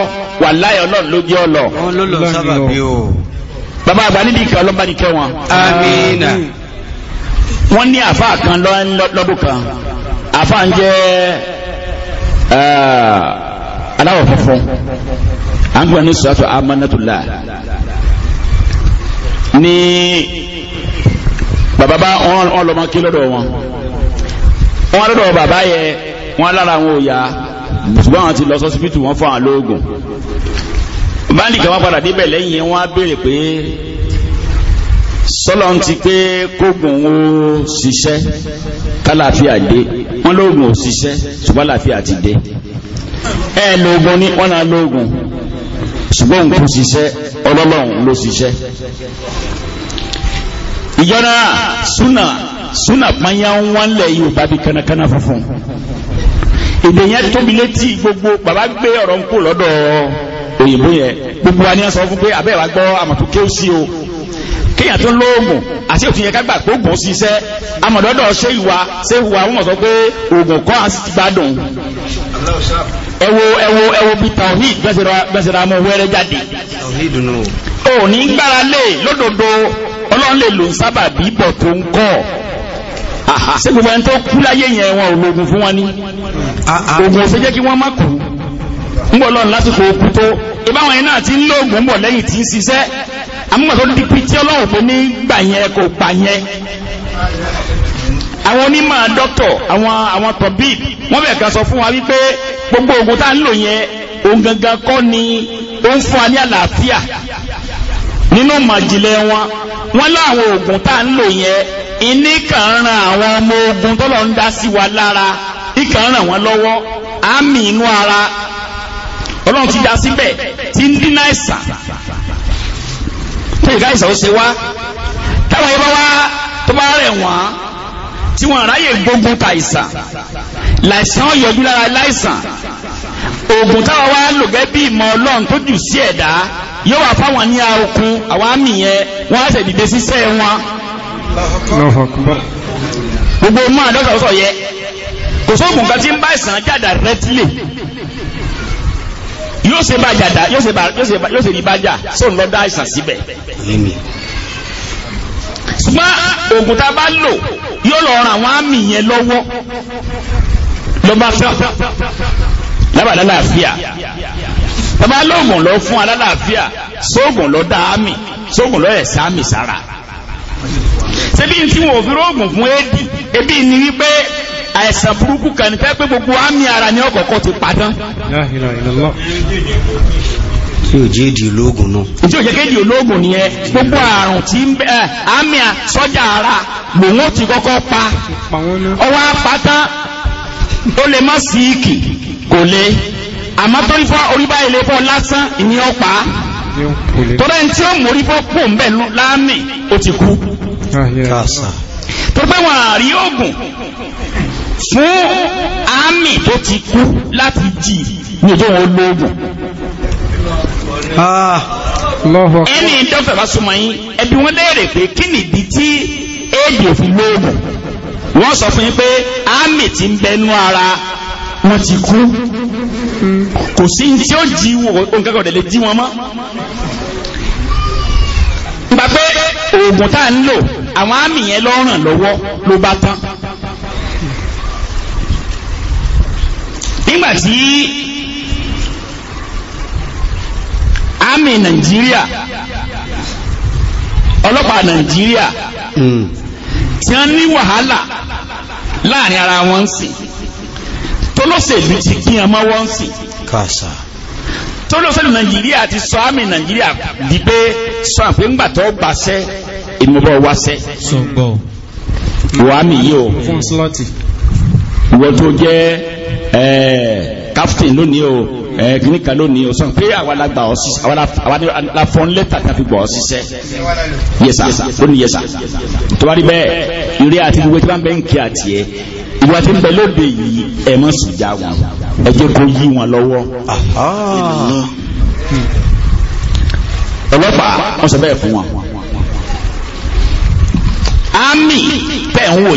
wà láyé Ọlọ́run ló jẹ ọlọ. wọn ló lọ sábà bí o. bàbá àgbà nídìí ìkà ọlọ́ba ní kẹwọn. amiina. wọ́n ní àfa kan lọ́dún kan àfa ń jẹ́ aláwọ̀ funfun à ń gbọ́ ní sọ́tò amanatullah ní bàbá bá wọn lọmọ kí lọ́dọ̀ wọn wọn lọ́dọ̀ bàbá yẹ wọn lára wọn ò yá ṣùgbọ́n àwọn ti lọ sọ́sibítù wọn fún àwọn lóògùn báńdì kan wọn padà débẹ̀ lẹ́yìn yẹn wọn á béèrè pé sọ́lọ́ ń ti pé kóògùn ó ṣiṣẹ́ kálàáfíà dé wọn lóògùn ò ṣiṣẹ́ ṣùgbọ́n àlàáfíà ti dé ẹ lóògùn ní wọn náà lóògùn ṣùgbọ́n nǹkan ṣiṣẹ́ ọlọ́lọ́run ló ṣiṣẹ́ ìjọra súnà súnà pányá ń wá lẹ̀ Yorùbá bí kánakáná funfun èdè yẹn tóbi létí gbogbo bàbá gbé ọ̀rọ̀ ń kó lọ́dọ̀ òyìnbó yẹn gbogbo wa ni wọ́n sọ fún pé abẹ́ wa gbọ́ àmọ̀tò kéw sí o kéèyàn tó lóògùn àti òfin yẹn kágbà pé ògùn ṣiṣẹ́ amọ̀dọ́dọ̀ ṣé ìwà ṣé ìwà wọ́n sọ pé ògùn kọ́ àti ti gbádùn ẹwọ ẹwọ ẹwọ bí tawhid bẹ́sẹ̀rẹ̀ amọ̀ wẹ́rẹ́ jáde o ní gbára lè lódodo ọlọ́run lè lò sábà bí bọ̀ tó ń kọ́ ṣé gbogbo ẹni tó kú láyé yẹn wọn ò lògùn fún wọn ni ògùn ah, ah. òfin jẹ́ kí wọ́n má kú ń bọ̀ lọ́run lásìkò òkú tó ìbáwọn yẹn náà ti ń lóògùn ń bọ̀ lẹ́yìn tí ń ṣiṣẹ́ amúgbàtó dípí tí ọlọ́run pé ní gbà yẹn kò pa yẹn àwọn onímọ̀ dọ́kítọ̀ àwọn àwọn tọ̀bíì wọ́n kan sọ fún wa wípé gbogbo oògùn tá ń lò yẹn òun ni ó ń fún wa ní àlàáfíà nínú màjìlẹ̀ wọn wọ́n láwọn oògùn tá ń lò yẹn iní kan ran àwọn ọmọ ogun tọ́lọ̀ ń dá wa lára ìkan ràn ara ọlọ́run ti dá síbẹ̀ ń tó ìka ó ṣe wá táwọn ẹbá wá tó bá rẹ̀ tí wọ́n ráyè gbógun ta àìsàn láìsàn yọjú lára láìsàn oògùn táwọn wá lò gẹ́ bí ìmọ̀ ọlọ́run tó jù sí ẹ̀dá yóò wà fáwọn ní okun àwọn àmì yẹn wọ́n á sì dìde síṣẹ́ wọn. gbogbo máa dọ́kítà sọ yẹ kò sóògùn kan tí ń bá ìsàn jàdà rẹ́tílè yóò ṣe bá jàdà yóò ṣe bá jà sóun lọ́dọ̀ àìsàn síbẹ̀ ṣùgbọ́n oògùn tá a bá lò yóò lọ ran àwọn àmì yẹn lọ́wọ́ ló bá tán lábàá lálàáfíà bàbá lóògùn lọ fún alálàáfíà sóògùn lọ dá àmì sóògùn lọ ẹ̀ sáàmì sára ṣebí tí wọn ò fi róògùn fún éèdì ebi ni wípé àìsàn burúkú kan ní pẹ́ pé gbogbo àmì ara ni ọkọ̀ọ̀kọ̀ ti padán. yóò jẹ́ èdè ológun náà èdè ológun ni ẹ gbogbo àrùn tí ń bẹ àmì sọ́jà ara lòun ti kọ́kọ́ pa ọwọ́ apáta ó lè má sí ìkì kò lè àmọ́ torí fọ́ orí báyìí fọ́ lásán ìní ọ̀pá tọ́lá ẹni tí ó mórí fọ́ pò ń bẹ̀ láàmì ó ti kú tó wọn àrí Ah, ẹni dọ́fẹ̀ bá súnmọ́ yín ẹbí wọ́n léèrè pé kí nìdí tí éèdì òfin lóògùn wọ́n sọ fún yín pé ámì ti ń bẹnu ara wọn ti kú kò sí ní tí ó jí wò nǹkan kan lè jí wọn mọ́ nígbà pé oògùn tá à ń lò àwọn ámì yẹn ló ràn lọ́wọ́ ló bá tán nígbà tí àmì nàìjíríà ọlọ́pàá nàìjíríà hmm. tí wọ́n ní wàhálà láàrin ara wọn sí tólóṣèlú ti kí ọmọ wọn sí kàṣà tólóṣèlú nàìjíríà ti sọ àmì nàìjíríà di pé sọ àpé ńgbà tó gbàṣẹ ìmúbọ wáṣẹ wàá mi yìí o ìwọ tó jẹ káfíńtì lónìí o ẹ kìíní kan lónìí o sọ pé àwa la gbà ọ sísẹ àwa la fọn lẹ́tà tàbí gbà ọ sísẹ yẹsà lónìí yẹsà tọ́wárí bẹ́ẹ̀ ìrè àti gbogbo tí wọ́n bẹ́ ń kí àti ẹ ìwà tí ń bẹ lóde yìí ẹ mọ̀ sí já wọn ẹ jẹ́ kó yí wọn lọ́wọ́ ọlọ́pàá wọ́n sọ bẹ́ẹ̀ fún wọn àmì tẹ̀ ń wò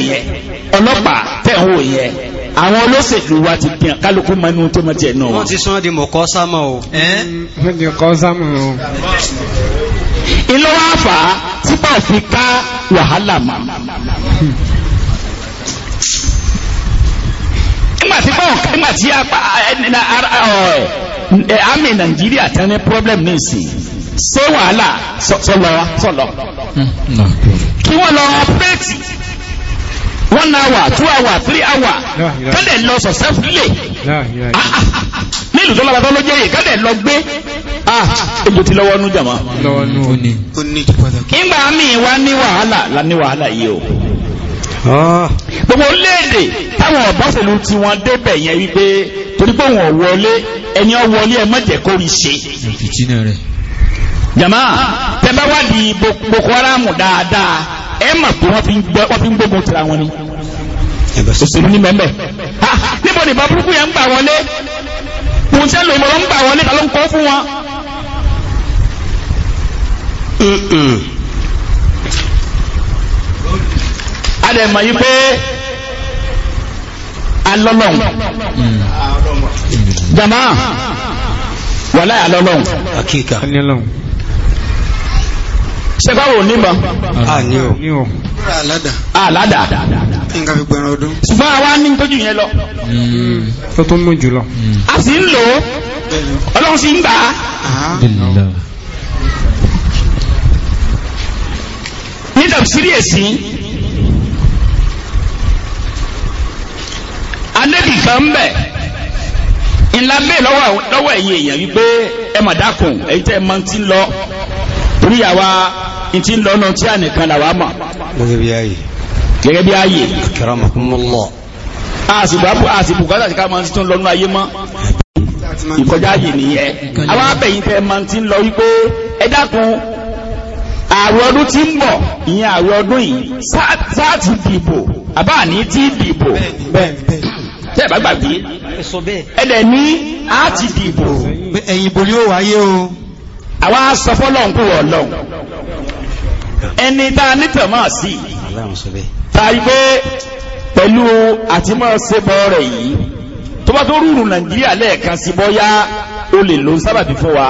ọlọ́pàá tẹ̀ ń àwọn olóṣèlú wa ti dìyàn kálukú mọ́nú tó mọ́ tiẹ̀ náà. wọ́n ti sán di mọ̀kọ́ sámọ̀ o. di mọ̀kọ́ sámọ̀ o. ìlú wa fà á tí bá fi ká wàhálà mọ́. nígbà tí kò nígbà tí àmì nàìjíríà tán ní problem ní ìsìn ṣé wàhálà sọlọ wa sọlọ. kí wọ́n lọ ọpẹ́ẹ̀tì one hour two hour three hour kọ́dẹ̀ lọ sọ̀sẹ́ fúlẹ̀ nílùú tó lọ́wọ́ tó jẹ́ yìí kọ́dẹ̀ lọ gbé èjò ah, ti lọ́wọ́ nú jàmá. ìgbà mi wá ní wàhálà la ní wàhálà yìí o ah. gbogbo léèdè táwọn ọ̀básẹ̀lú tí wọ́n débẹ̀ yẹn wípé torí pé wọ́n wọlé ẹni ọ wọlé ẹ mọ̀jẹ̀ kó rí ṣe. jama tẹ́ bá wá di Boko Haram dáadáa ẹ mà pé wọ́n fi ń gbógun tira wọn ni òṣèlú ní mẹ́mẹ́ níbo ni ìbá burúkú yẹn ń gbà wọlé ohun tí ẹ lò ìmọ̀ràn ń gbà wọlé ta ló ń kọ́ fún wọn. a dẹ̀ mọ̀ yìí pé alọ́lọ́hun mm. jama wàláyà alọ́lọ́hun. akíkà ṣẹgbáwò nímọ̀ àládà ṣùgbọ́n àwa ní tójú yẹn lọ tó tó mú jùlọ a sì ń lò ọlọ́run sì ń gbà ah. ní tàbísírí èsì anẹ́bì kan ń bẹ̀ ńlá bẹ́ẹ̀ lọ́wọ́ ẹ̀yìn èèyàn wípé ẹ mà dákun èyí tẹ́ ẹ máa ti lọ torí àwa tí ń lọ́nà tí a nìkan làwa mọ̀ gẹ́gẹ́ bí ayé àsìbùkátà ti ká máa tún lọ́nà ayé mọ́ ìkọjá ayé nìyẹn àwọn abẹ́yìn tẹ́ máa ti ń lọ wípé ẹ dákun ààrẹ ọdún tí ń bọ̀ ìyẹn ààrẹ ọdún yìí sáàtì dìbò àbá ní tí dìbò tẹ́ bá gbàgbé ẹ̀dẹ̀ ní àti dìbò ẹ̀yìn ìbò ni wáyé o àwa sọ fọ́lọ́n kú wọ̀ lọ́n ẹni tá a nítọ̀ máa sí tàbí pé pẹ̀lú àtìmọ́ sebọ́ rẹ̀ yìí tó bá tó rúrù nàìjíríà lẹ́ẹ̀kan sí bọ́yá o lè lo sábàbí fún wa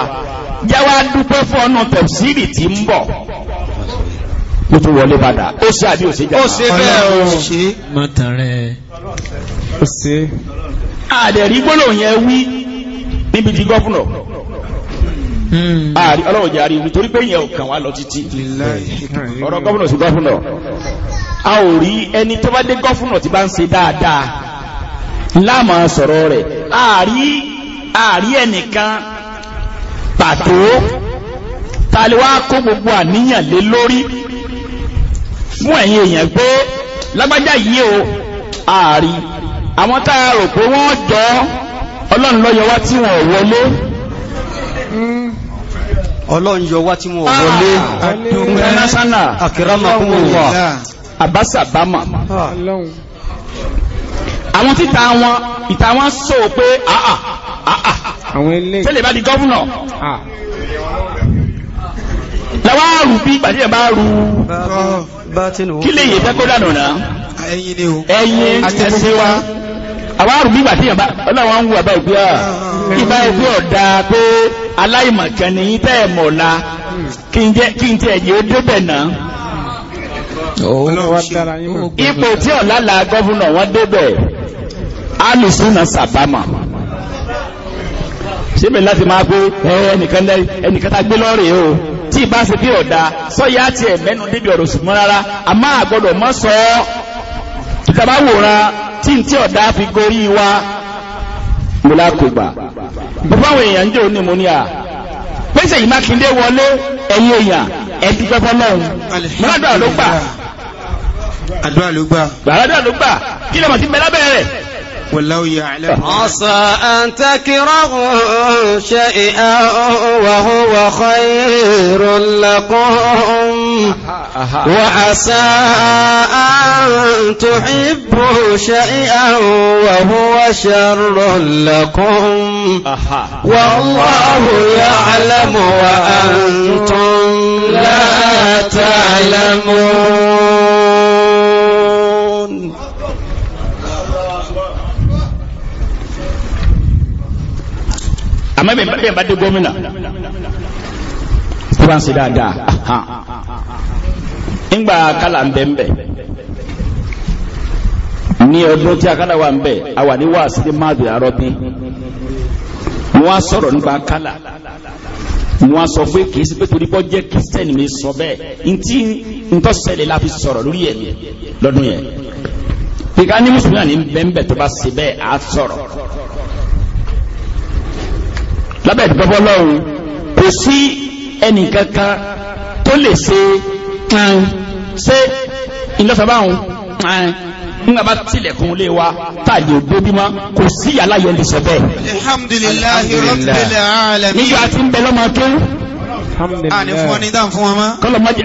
jáwá dúpẹ́ fún ọ̀nà tẹ̀síìrì tí ń bọ̀ ó tún wọlé padà ó ṣe àbí òṣè jà ó ṣe bẹ́ẹ̀ o ṣe mọ́tàn rẹ̀ ó ṣe àdẹ̀rí gbólóhùn yẹn wí níbi ti gọ́fúnà ààrí hmm. ah, ọlọ́run jẹ́ àrí nítorí pé yẹn ò kàn wá lọ títí ọ̀rọ̀ gọ́fúnà sí gọ́fúnà a ò rí ẹni tó bá dé gọ́fúnà tí bá ń ṣe dáadáa láàmà sọ̀rọ̀ rẹ̀ ààrí ààrí ẹnìkan pàtó taliwa kó gbogbo àníyàn lé lórí fún ẹ̀yin èèyàn pé lágbájá yìí o ààrí àwọn tá a rò pé wọ́n jọ ọlọ́run lọ́yọ wá tí wọ́n wọlé ọlọ́run yọ wá tí wọ́n ah. wọlé international akiramakumullah abasa bama ah. àwọn títa wọn ìta wọn sọ pé àà ah, àà tẹ́lẹ̀ bá di gọ́vùnà lọ́wọ́ àrù bí ìgbàdí bá rú kí lè yẹ fẹ́ kó dànù náà ẹ̀yìn ẹ̀sẹ̀ wa àwárù nígbà tí yàmbá ọlọ́wọ́n ń wù àbá ìgbé à ìbá ẹgbẹ́ ọ̀dà pé aláìmọ̀kan ni yín tẹ́ ẹ̀ mọ̀ la kí n jẹ́ kí n tiẹ̀ yóò débẹ̀ náà. ipò tí ọ̀la la gọ́fúnà wọn débẹ̀ alùsùnà sàbámọ̀ sẹ́mi láti máa pé ẹnìkan ẹnìkan tá a gbé lọ́ọ̀rì o tí ìbá ṣe bí ọ̀dà sọ́yà tiẹ̀ mẹ́nu débi ọ̀rọ̀ ṣùgbọ́n rárá àmọ́ àgbọ̀dọ̀ mọ́ sọ ọ́ tìtàbá wòran tí n tí ọ̀dá fi gorí wa múlákùgbà gbogbo àwọn èèyàn jẹ́ òní mo ní à pèsè yìí mákindé wọlé ẹ̀yìn èèyàn ẹ̀dí pẹ́pẹ́ lọ́hùn múládùá ló gbà àdúrà ló gbà gbàrádùá ló gbà kí lọ́mọ ti mẹ́lábẹ́ rẹ̀ والله يعلم عسى أن تكرهوا شيئا وهو خير لكم وعسى أن تحبوا شيئا وهو شر لكم والله يعلم وأنتم لا تعلمون àmọ́ bẹ́ẹ̀ bá dé gómìnà tó bá ń ṣe dáadáa ńgbà kálà ń bẹ ń bẹ ní ọdún tí akálà wà ń bẹ a wà ní wàásù ní máàdùn àrọ́bí wọ́n á sọ̀rọ̀ nípa kálà wọ́n á sọ fún kìí sí pé torí bọ́ jẹ́ kírísítẹ́nì mi sọ bẹ́ẹ̀ ntí ntọ́sẹ̀lẹ̀ la fi sọ̀rọ̀ lórí ẹ̀ lọ́dún yẹn pé ká ní mùsùlùmí àní bẹ́ẹ̀ bẹ́ẹ̀ tó bá ṣe bẹ́ẹ̀ á sọ̀rọ̀ lábẹ́ ìdúpọ́pọ́ lọ́hùn kò sí ẹnìkankan tó lè ṣe kan ṣe ìlọ́sọ̀báhùn kan nígbà bá tilẹ̀kùn lé wa tá lè gbóbi mọ́ kò sí aláyọ̀ lè sọ bẹ́ẹ̀. alhamdulillahi rabbil alamin. níjọ́ àti ń bẹ lọ́mọ tó.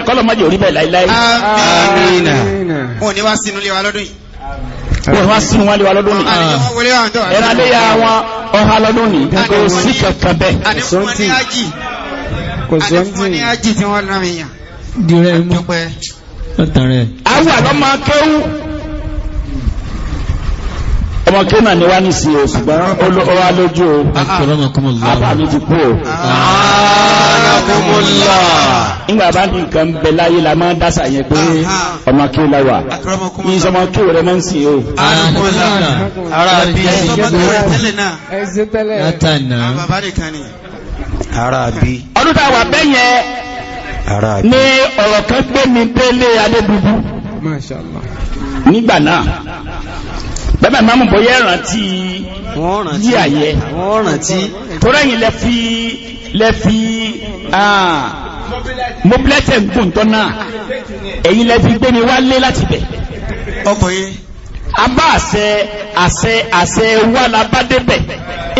kọ́lọ̀ mọ́jì orí bẹ́ẹ̀ láíláí. amina. wọn ni wá sínú lé wa lọ́dún yìí. wọn ni wá sínú wá lé wa lọ́dún yìí. ẹran wọn ọha lọ́dún ní kò sí kankan bẹ́ẹ̀. àdéhùnmọ́ni ájì àdéhùnmọ́ni ájì tí wọ́n lọ́rin yàn. dirẹ́ mọ́ ọ̀tàn rẹ̀. àwọn àlọ́ máa kéwú ọmọ kéèmà ni wá ní sí o ṣùgbọ́n olówó alójú o àbámi ti kú o. nígbà bá ní nǹkan ń bẹ láyé la máa ń dásà yẹn pé ọmọ kí la wà ní sọmọ kí rẹ máa ń sìn o. ara bí ẹsẹ tẹlẹ náà ara bí. ọdún tá a wà bẹ́ẹ̀ yẹn ní ọ̀rọ̀ kan gbé mi délé adébúbú nígbà náà bẹ́ẹ̀ máa mú bọ́yẹ́ rántí yí àyẹ́ tọ́rọ yìí lẹ fi lẹ fi mobilẹ́tẹ̀ ń gùn tọ́ náà ẹ̀yìn lẹ fi gbé mi wá lé láti bẹ̀ ọkùnrin a bá àṣẹ àṣẹ àṣẹ wà lábá débẹ̀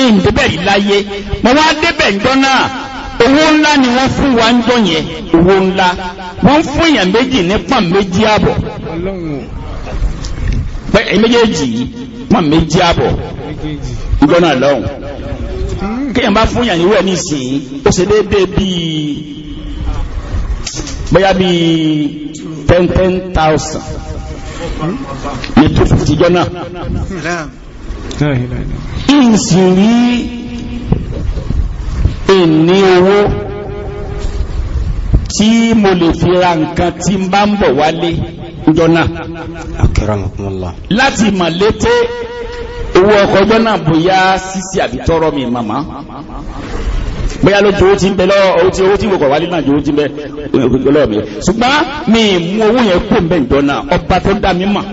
ń yìí láyé mo wá débẹ̀ ń náà owó ńlá ni wọ́n fún wa ń jọ yẹn owó ńlá wọ́n fún èèyàn méjì ní méjì àbọ̀ pé ẹ méjèèjì wọn méjì àbọ̀ gbọ́nà lọ́hùn kéèyàn bá fún yàn ìwé nísìnyí ó ṣe déédéé bíi bóyá bíi ten ten thousand ní two fifty jọ́nà ìsìnrí ìní owó tí mo lè fi ra nǹkan tí n bá ń bọ̀ wálé jọ́nà láti mọ̀ lété owó ọkọ̀ jọ́nà bóyá sísí àbí tọ́rọ mi mama. bóyá ló jòó tí ń bẹ lọ́wọ́ tí owó tí wọ́kọ̀ wálé náà jòó tí ń bẹ lọ́wọ́ mi ṣùgbọ́n mi mú owó yẹn kó ń jọ́nà ọba tó dá mi mọ̀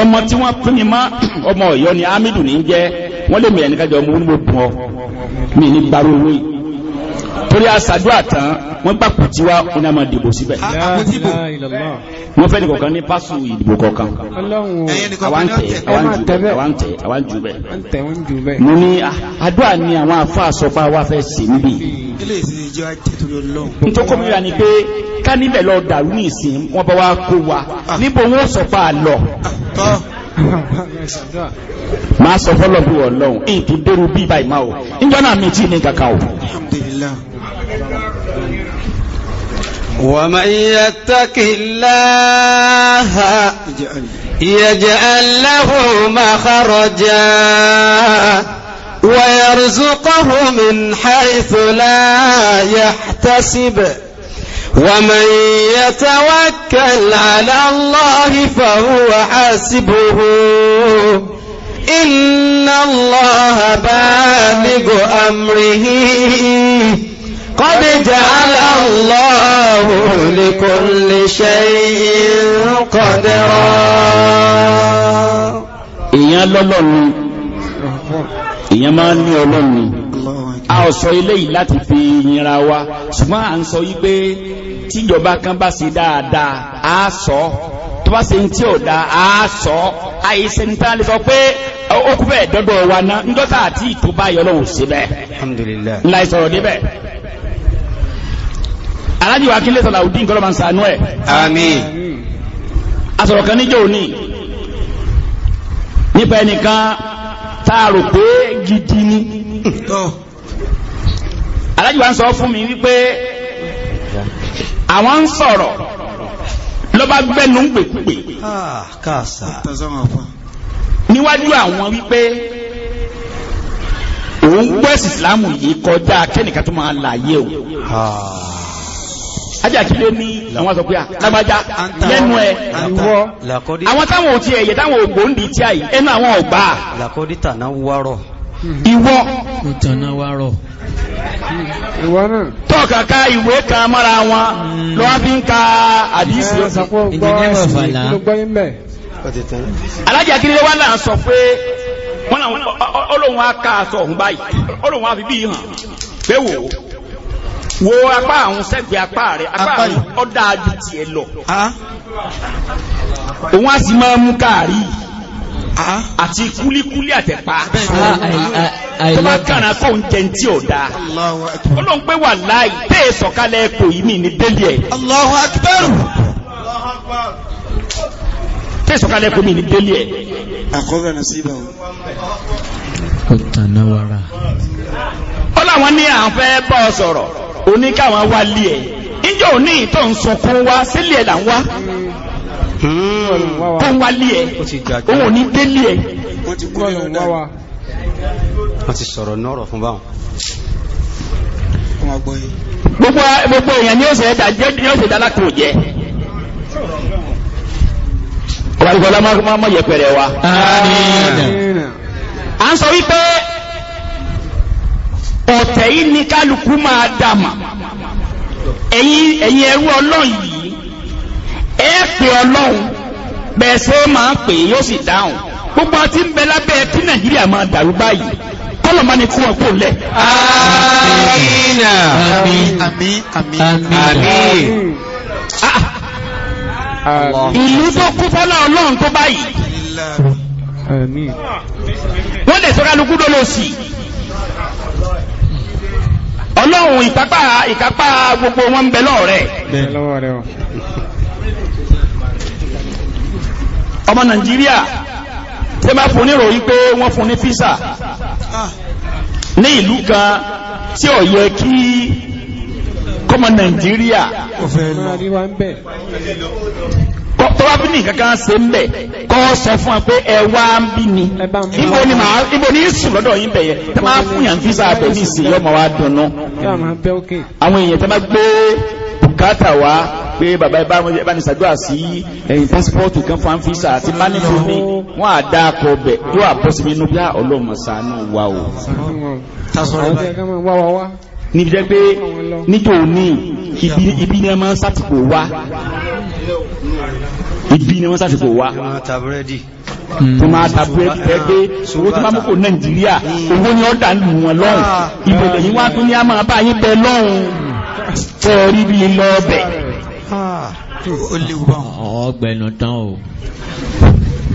ọmọ tí wọ́n fún mi mọ́ ọmọ ọ̀yọ́ ni Amídù ní jẹ́ wọ́n lè mẹ́rin kájọ ọmọ onímọ̀ bùn ọ mi ní gbárò owó yìí torí àṣàdúrà tán wọ́n gbà kù tiwa wọ́n náà máa dìbò síbẹ̀. wọ́n fẹ́ nìkan kan ní pásù ìdìbò kọ̀ọ̀kan. àwọn tẹ àwọn jù bẹ́ẹ̀ mo ní ah, àdúrà ni àwọn àfáà sọ pé àwa fẹ́ ṣe níbí. nítorí kó mi rà ni pé ká níbẹ̀ lọ dàrú ní ìsìn wọ́n bá wa kó wa ah. níbo wọ́n sọ pé àlọ́ máa sọ fọ́lọ̀ bí wọ́n lọ́hùn èyí tó dérú bí báyìí máa o níjọ́ náà mi tí ní kàkà o. ومن يتق الله يجعل له مخرجا ومن يتوكل على الله فهو حاسبه إن الله بالغ أمره قد جعل الله لكل شيء قدرا إيان لولوني إيان ما لولوني a ò sọ eléyìí láti fi yinra wa ṣùgbọ́n à ń sọ yí pé tíjọba kan bá ṣe dáadáa a sọ tó bá ṣe ń tí ò da a sọ àìsè ní tán lè sọ pé ó kú bẹ́ẹ̀ dọ́dọ̀ wa ná ńdọ́ta àti ìtúbá yọlọ́wọ́ sí bẹ́ẹ̀ alhamdulillah ńlá ìsọ̀rọ̀ débẹ̀ alájì wa kí lẹ́sọ̀lá òdí nǹkan lọ́mọ sànú ẹ̀ àmín asọ̀rọ̀ kan níjọ́ òní nípa ẹnìkan tá a rò pé gidi ni alájì wa ń sọ fún mi wípé àwọn ń sọ̀rọ̀ ló bá gbẹ́nu gbègbè ah, níwájú àwọn wípé òun gbọ́ ẹ̀sìn ìsìlámù yìí kọjá kẹ́nìkan tó máa láàyè o ah. ajakile ní àwọn sọ pé à ah, lágbájá lẹ́nu ẹ̀ àwọn táwọn ò tiẹ̀ yẹ táwọn ògbóǹdì tí yìí ẹnu àwọn ọ̀gbà. làkọ́dítà náà wárọ̀. ìwọ tọ́kàká ìwé ka mara wọn lọ bí ń ka àdísì alájẹ́ akínílé náà sọ pé olóhun àṣọ báyìí olóhun a fi bí hàn pé wò wo apá àwọn sẹ́gbẹ̀ apá rẹ̀ apá lọ òun a sì máa mú káàrí yìí Uh-huh. àti kúlíkúlí àtẹ̀pá ah, ah, ah, tó bá kàrà kó ń jẹ tí ò dáa ó ló ń pé wà láì tẹ́ sọ̀kalẹ̀ ẹ̀kọ́ yìí mi ní délì ẹ̀ tẹ́ sọ̀kalẹ̀ ẹ̀kọ́ mi ní délì ẹ̀ ó láwọn ní Hmm. kó ń wálé ẹ̀ òun ò ní délé ẹ̀ wọ́n ti sọ̀rọ̀ nọ́rọ̀ fún báwọn gbogbo èèyàn ni ó ṣe ẹ̀dà jẹ́ ni ó ṣe dára tó jẹ́ ọba ìgbọ́lá máa mọ̀ yẹpẹrẹ wa a ń sọ wípé ọ̀tẹ̀ yìí ni kálukú máa dàmà ẹ̀yin ẹ̀rú ọlọ́yìn ẹ pè ọlọ́run bẹ́ẹ̀ ṣe máa ń pè yóò sì dáhùn gbogbo àti ń bẹ lábẹ́ kí nàìjíríà máa dàrú báyìí kọ́lọ̀ máa ní kú wọn kò lẹ̀. àmínà àmín àmín àmín. ìlú tó kú fọ́lá ọlọ́run tó báyìí. wọ́n lè sọ kálukú dó lọ sí ọlọ́run ìkápá gbogbo wọn ń bẹ lọ́ọ̀rẹ́ ọmọ nàìjíríà tí ma fún nírò wípé wọ́n fún ní físà ní ìlú kan tí ó yẹ kí kọmọ nàìjíríà tó wá bí ní kankan ṣe ń bẹ̀ kọ́ sọ fún ẹ pé ẹ wá ń bí ni ibo ni màá ibo ni sùn lọ́dọ̀ yín bẹ̀ yẹ tẹ́ máa fún yàn físà abẹ ní ìsìn yọmọ wa dùnú àwọn èèyàn tẹ́ máa gbé bùkátà wá pé bàbá ìbánisàdúrà sí ẹ̀yìn pásípọ́ọ̀tù kan fún àǹfíìsà àti mánífù mi wọ́n á dá akọ bẹ̀ yóò àbọ́sí inú bí ah, ọlọ́mọ ṣàánú wa o. níbi jẹ́ pé nítòní ibi ni wọ́n sàtìkò wá ibi ni wọ́n sàtìkò wá tó máa tàbí ẹgbẹ́ owó tó máa mú kò nàìjíríà owó ni ó dà lù wọn lọ́rùn ìbẹ̀lẹ̀ yìí wá tún ní a máa bá yín tẹ́ẹ̀rí bí lọ́ọ̀bẹ̀ ó léwu bá wọn. ọgbẹnu tán o.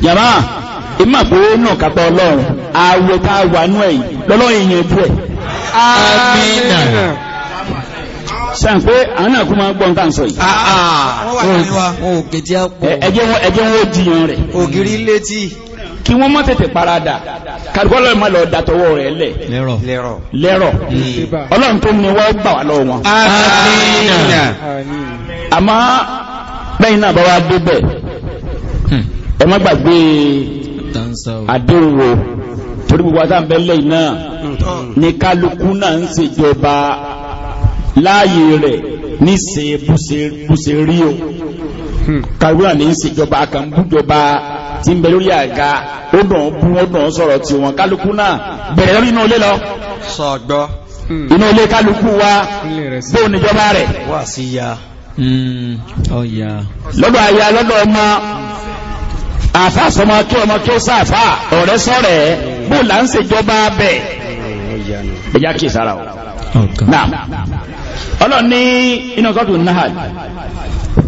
jàmá ìmọ̀ pé ó nà kápẹ́ ọlọ́run ààwẹ̀ tá a wà nú ẹ̀ lọ́lọ́run èèyàn jù ẹ̀. amínà. sàn àwọn náà kú máa sọ yìí. wà wa. ó rẹ̀. ògiri kí wọ́n má tètè parada kàdùkọ́lọ́ ìmọ̀ lọ dàtọwọ́ rẹ̀ lẹ̀ lẹ́rọ̀ ọlọ́run tó ní wọ́n gbà wá lọ́wọ́ wọn. àmọ́ bẹ́yìn náà bá wá débẹ̀ ẹ má gbàgbé àdéhùn wo torí gbogbo àtàǹbẹ̀lẹ̀ náà ní kálukú náà ń ṣèjọba láàyè rẹ̀ ní ṣe bùṣe rí o kàrúrà ní ìṣèjọba àkànbújọba tí ń bẹ lórí àga ó dàn bú ó dàn sọ̀rọ̀ tí wọn kálukú náà bẹ̀rẹ̀ lórí inú ilé lọ. sọgbọ. Hmm. inú ilé kálukú wa bó níjọba rẹ̀. wà sí ya. Hmm, lọ́dọ̀ àyà lọ́dọ̀ ọmọ àfa sọmọ kí ọmọ kí ó sáfà ọ̀rẹ́ sọ̀rẹ́ bó là ń ṣèjọba bẹ̀. ẹ̀yà kìí sára o. náà ọlọ́run ní iná sọ́tù nahal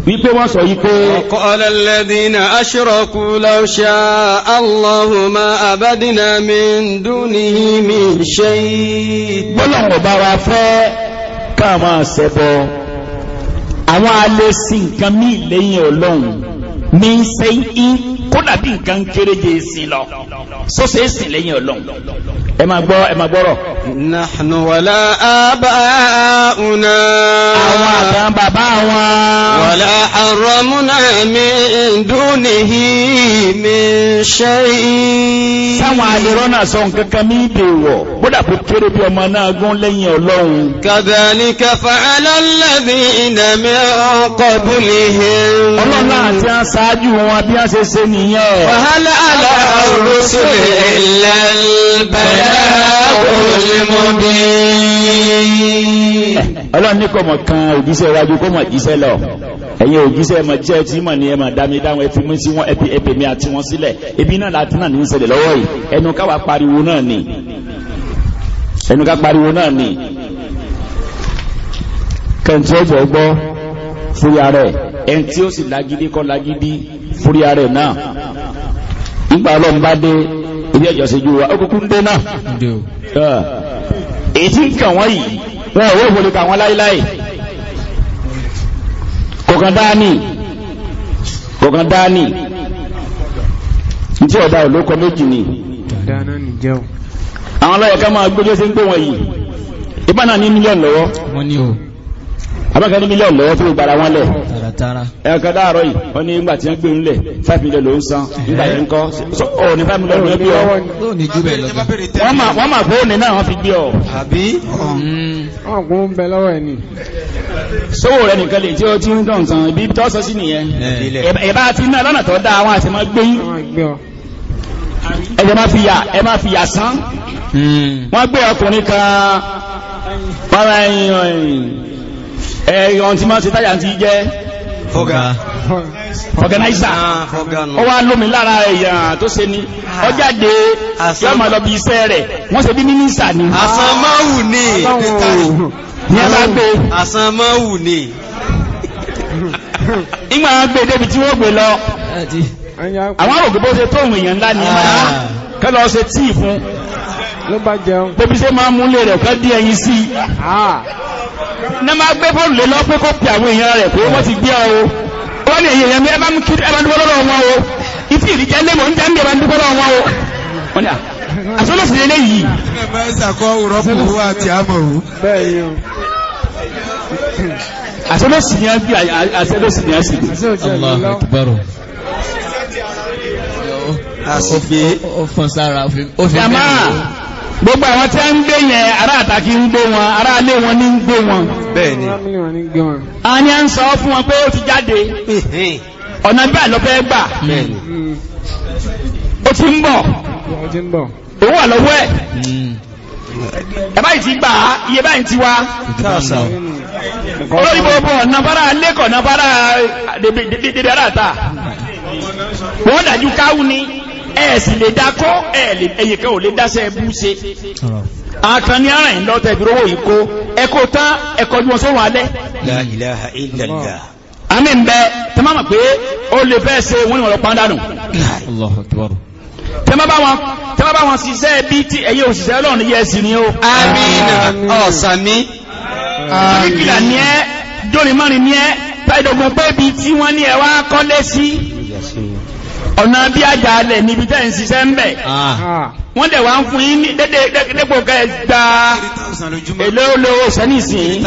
wípé wọ́n sọ wípé ọkọ̀ọ̀lẹ́lẹ́dínà aṣírọ̀kú lọ́ṣà allahumma abadina min dúnihì min ṣe gbọ́lọ̀wọ̀ bá wa fẹ́ káàmà sẹ́bọ̀ àwọn alẹ́ sí mí lẹ́yìn ọlọ́run mi ń ṣe in kó dàbí nǹkan kéréje sí lọ só ṣe é sìn lẹ́yìn ọlọ́run ẹ máa gbọ́ ẹ máa gbọ́rọ̀. nahnu wala aba'una. àwọn àtàn bàbá wọn. wala harramna min dunihi min shay'in. sáwọn àlèrọ náà sọ nǹkan kan ní ìdè wọ̀ bódà kó kéré bí ọmọ náà gún lẹ́yìn ọlọ́run. kadhalika fa'ala alladhina min qablihim. ọlọ́run àti àṣà ṣáájú wọn bí wọ́n ṣe ṣe nìyẹn wàhálà aláàrùsùlẹ̀ ìlàlbàdà ọlọ́run ní kò mọ̀ kan òjíṣẹ́ iwájú kò mọ̀ jíṣẹ́ lọ ẹ̀yin òjíṣẹ́ ẹmọ jẹ́ tí mọ̀ ní ẹmọ dámi dáwọn ẹfi mú sí wọn ẹbí ẹbẹ̀mí àti wọn sílẹ̀ ebi náà láti náà ní ìṣẹ̀lẹ̀ lọ́wọ́ yìí ẹnu káwa pariwo náà ni ẹnu ká pariwo náà ni kẹ̀ntì ọgbọ̀ ọgbọ́ fúri ara ẹ̀ ẹni tí ó sì lágídí kọ́ lágídí fúri ara ẹ̀ náà nígbà ọlọ́run bá dé ilé ẹ̀jọ́ sí ju wa ó kúkú ń dé náà èyí tí ń kàn wọ́n yìí wọn ò wọ́n lè kà wọ́n láíláì kọ̀kan dání kọ̀kan dání tí ọ̀dá olókọ méjì ni àwọn ọlọ́yẹ̀ká máa gbójó sí ń gbé wọn yìí ìbánà ní mílíọ̀nù lọ́wọ́ abákan ní mílíọ̀nù lọ́wọ́ tí ó gbara wọn lẹ̀ ẹ̀ka dáàrọ̀ yìí wọ́n ní ìgbà tí wọ́n gbé ńlẹ̀ five million ló ń san nígbà yìí ń kọ́ ọ̀ ní five million ló gbé ọ. wọ́n mà fóònù náà wọ́n fi gbé ọ. àbí ọ̀gùn hmm. ń bẹ lọ́wọ́ ẹ̀ ni. sówó rẹ nìkan lè tí ó ti ń dàn san ibi tó sọ sí nìyẹn ẹ̀ bá ti ná lọ́nà tó dáa wọn àti máa gbé yín ẹ̀jẹ̀ máa ẹ̀yọ̀n tí máa ṣe táyà ti jẹ́ fọ́gánáìsà ah, ó wá lómi lára èèyàn tó ṣe ní ọjáde ah. yọ́ ma lọ bí iṣẹ́ rẹ̀ wọ́n ṣe bí mínísà ni àsánmáwù ni ní ẹ̀bá gbé àsánmáwù ni ìgbà wọn gbé débi tí wọ́n gbé lọ àwọn àrògbé bó ṣe tóhun èèyàn ńlá ni ah. kẹ́lọ́ ṣe tíì fún ló bá jẹun bébí ṣe máa múlé rẹ̀ kọ́ dí ẹyin sí ní máa gbé bọ́ọ̀lù lé lọ pé kó pè àwọn èèyàn rẹ̀ pé wọ́n ti gbé ọ o wọ́n ní èèyàn mi ẹ bá ń kí ẹ bá ń dúpọ́ lọ́wọ́ wọn o ìtì ìdíjẹ́ lé mọ̀ ń jẹ́ ń bí ẹ bá ń dúpọ́ lọ́wọ́ wọn o wọ́n ní àsọ́nà sì lélẹ́ yìí. àsọ́nà sì ní á bí àsọ́nà sì ní á sì bí. Allahu Akbar àsìgbé ó fọ́n sára ó fi mẹ́rin gbogbo àwọn tí a ń gbé yẹn ará àtàkì wọn ará alé wọn ní ń gbé wọn bẹ́ẹ̀ni a ní a ń sọ fún wọn pé ó ti jáde ọ̀nà bí àlọ́fẹ́ gbà ó ti ń bọ̀ owó àlọ́wọ́ ẹ̀ ti gbà á iye báyìí ti wá olórí gbogbo ọ̀nà bára bára wọ́n ni. ẹ̀ẹ̀sì lè dákó ẹ̀yìnkan ò lè dáṣẹ́ ẹbú ṣe àkàn ní ara ìlọ́tẹ̀ ìbírówó ìkó ẹkó tán ẹkọjú wọn sórùn alẹ́ La ilaha illallah àmì ń bẹ tẹ máa mọ̀ pé ó lè fẹ́ ṣe wọ́n ìwọ̀n lọ́pàá dànù Allahu Akbar tẹ máa bá wọn ṣiṣẹ́ bí tí ẹ̀yẹ òṣìṣẹ́ Ọlọ́run yẹ sí ni ó àmín ọ̀sàmí ìkìlà ní ẹ́ jóni márùn ní ẹ́ pẹ́ẹ́dọ̀gbọ̀n pé bí tí wọ́n ní ọ̀nà bí àjàalẹ̀ níbi tẹ́ ń ṣiṣẹ́ ń bẹ̀ ah. wọ́n dẹ̀ wá ń fún yín ní dépò kẹ́ gba èlé olówó sẹ́nìsìn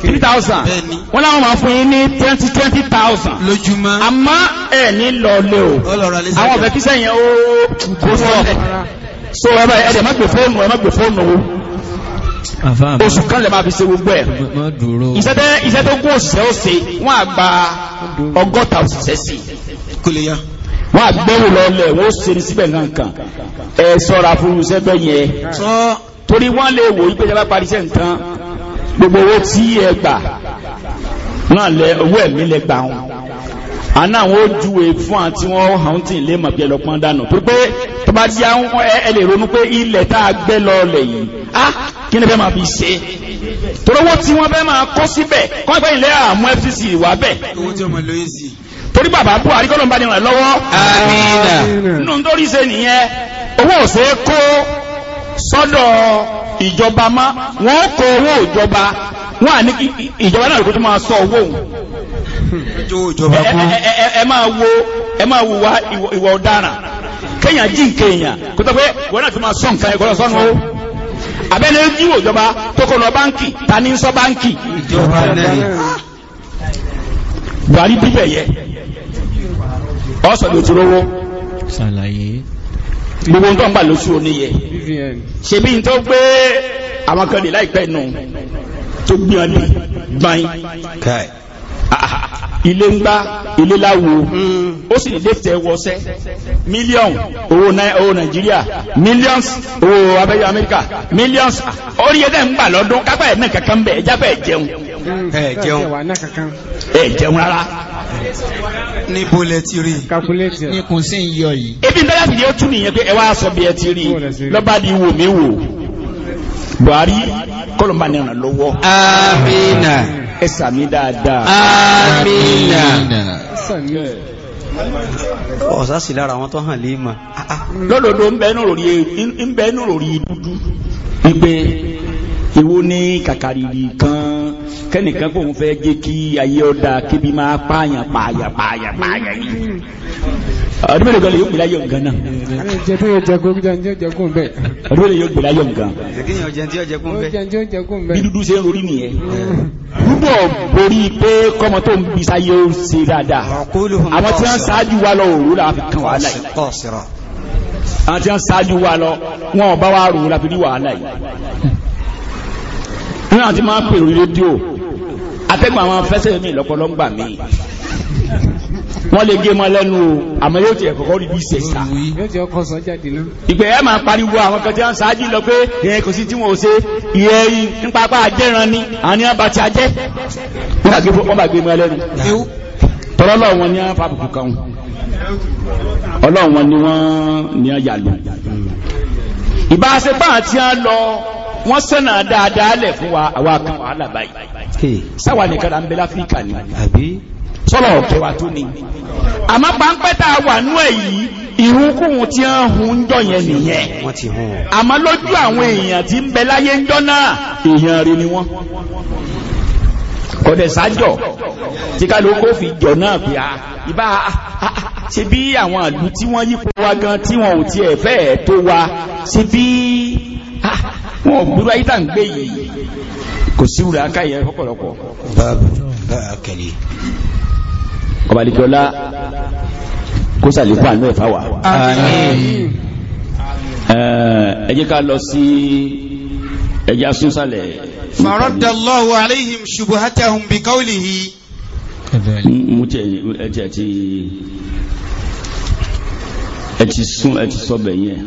3000 wọ́n láwọn máa fún yín ní 20 20000 lójúmọ́ àmọ́ ẹ̀ ní lọ́ọ̀lẹ́ o àwọn ọ̀fẹ́ kí sẹ́yìn ó kó sọ́ọ̀fẹ́ so ẹ bá ẹ̀dẹ̀ má gbé fóònù ẹ má gbé fóònù o oṣù kan lè máa fi ṣe gbogbo ẹ̀ iṣẹ́ tó gún òṣìṣẹ́ ó ṣe wọ́n á ọgọ́ta òṣìṣẹ́ sí wọ́n àgbẹ́wò lọ́lẹ̀ wọ́n sèrè síbẹ̀ nǹkan ẹ sọ́ra fún sẹ́gbẹ́ yẹn torí wọ́n lè wò wípé jábá parí sẹ́ nǹkan gbogbo owó tí ẹ gbà náà lẹ owó ẹ̀mí lẹ gbà wọn àná àwọn ojúwe fún àti wọn àwọn tí ilé mọ̀ bí ẹ lọ́pọ́n dànù tó pé tó bá ti àwọn ẹ lè ronú pé ilẹ̀ tá a gbẹ́ lọ́ọ̀lẹ̀ yìí á kí ni bẹ́ẹ̀ máa fi ṣe torówó tí wọ́n bẹ́ẹ̀ máa kọ́ síbẹ̀ kọ́ ìpẹ́yìn lẹ́yà àmú FCC wà bẹ́ẹ̀. owó tí ọmọ lóyún sí i torí bàbá Buhari kọ́ bá ní ràn lọ́wọ́ àmìnà nínú nítorí ṣe nìyẹn owó òṣè kó sọ́dọ̀ ìjọba má wọ́n kó owó ìjọba wọ́n à ní ìjọba náà lóko tó máa sọ owó ẹ máa wo ẹ máa wo wa ìwà ọ̀daràn kéèyàn jí nkéèyàn kó tó pé wọ́n náà tó máa sọ nǹkan ẹ̀kọ́ sọ́nu o abẹ́ni ojúwò ìjọba tó kọ́ lọ báńkì ta ní sọ báńkì ìjọba náà buhari bíbẹ̀ yẹ ọ̀sọ̀ ló ti rówó ṣàlàyé gbogbo tó ń gbà lóṣù oníyẹ ṣe bí n tó gbé àwọn kan lè láìpẹ́ nù tó gbìyànjú gbáyìn ilé ń gbá ilé láwo hmm. ó sì lẹ́fẹ̀ẹ́ wọṣẹ́ million owó owó nàìjíríà millions owó abẹ́yẹ amẹ́ríkà millions orí ẹ̀dẹ̀ ń gbà lọ́dún kápá ẹ̀ náà kankan bẹ̀ ẹ̀já bẹ̀ hmm. jẹun. ẹ jẹun ẹ jẹun rárá. ní bólẹ̀ ti rí ní kùn sí ń yìí. ebi ń dára sí ni ó tún nìyẹn pé ẹ wá sọ bí ẹ ti rí lọ́ba di wò mí wò Buhari kọlọmba ni ọ̀nà lọ́wọ́. amiina. Ah, ẹsàmí dáadáa àmìnà ọ̀sá sí lára àwọn tó hàn lè mà lọ́dọ̀dọ̀ ń bẹ́ẹ̀ nù lórí dúdú wípé ìwọ ní kàkàrìrì kan kẹ́nìkan kò ń fẹ́ gé kí ayé ọ̀dà kébi máa pààyàn pààyàn pààyàn pààyàn yìí ọdún mélòó kan lè yóò gbìlá yọ̀ nǹkan náà. jẹ́ tó yẹ jẹ́kún bẹ́ẹ̀ jẹ́ jẹ́kún bẹ́ẹ̀. ọdún mélòó yóò gbìlá yọ̀ nǹkan. bí dúdú ṣe ń rori nìyẹn. rúbọ̀ borí pé kọ́mọ tó ń bisa yẹ ó ṣe dáadáa. àwọn tí wọ́n ṣáájú wa lọ òru la fi kan wàhálà yìí. àwọn tí wọ́n ṣáájú wa lọ wọn ò bá wa rò la fi rí wàhálà yìí. nínú àti máa pèrò rédíò atẹ́gùn àwọn fẹ́sẹ̀ mi lọ́pọ̀lọ́ ń gbà mí wọ́n lè gé mọ́ lẹ́nu o àmọ́ yóò ti ẹ̀kọ́kọ́ rí bí ṣe sá ìgbẹ́ ẹ̀ máa pariwo àwọn kan tí wọ́n ṣáájú lọ pé ìyẹn kò sí tí wọ́n ṣe ìyẹn yìí nípa apá ajẹ́ran ni àní àbàtì ajẹ́ wọ́n bá gbé mọ́ lẹ́nu tọ́lọ́lọ́ wọn ní àfàbùkù kan ọlọ́wọ́n ni wọ́n ní àyàlò ìbáṣepá àti à ń lọ wọ́n sẹ́nà dáadáa lẹ̀ fún wa àwa kan wàhálà báyìí sáwà nìkan là ń bẹ láfíríkà ni sọ́lọ̀ ọ̀kẹ́ wa tó ni àmọ́ pàǹpẹ́ tá a wà nú ẹ̀ yìí ìhunkúhun tí ń hun ń jọ yẹn nìyẹn àmọ́ lójú àwọn èèyàn tí ń bẹ láyé ń jọ náà èèyàn rí ni wọ́n kọ̀dẹ̀ sájọ̀ tí ká fi jọ náà bí a ìbá ṣe bí àwọn àlú tí wọ́n yípo wa gan tí wọn ò tiẹ̀ fẹ́ tó wa ṣe bí ah, wọn ò gbúrú ayé tàn gbé yìí kò sí wùrà akáyẹ fọ́pọ̀lọpọ̀ ọba àdìgbọ́lá kó sàlékún àánú ẹ̀fà wà ẹ jẹ́ ká lọ sí ẹjá súnsàlẹ̀ faradallahu alayhim shubuhatahum bi qawlihi mú tẹ̀ ẹ̀tì sún ẹ̀tì sọ́bẹ̀ yẹn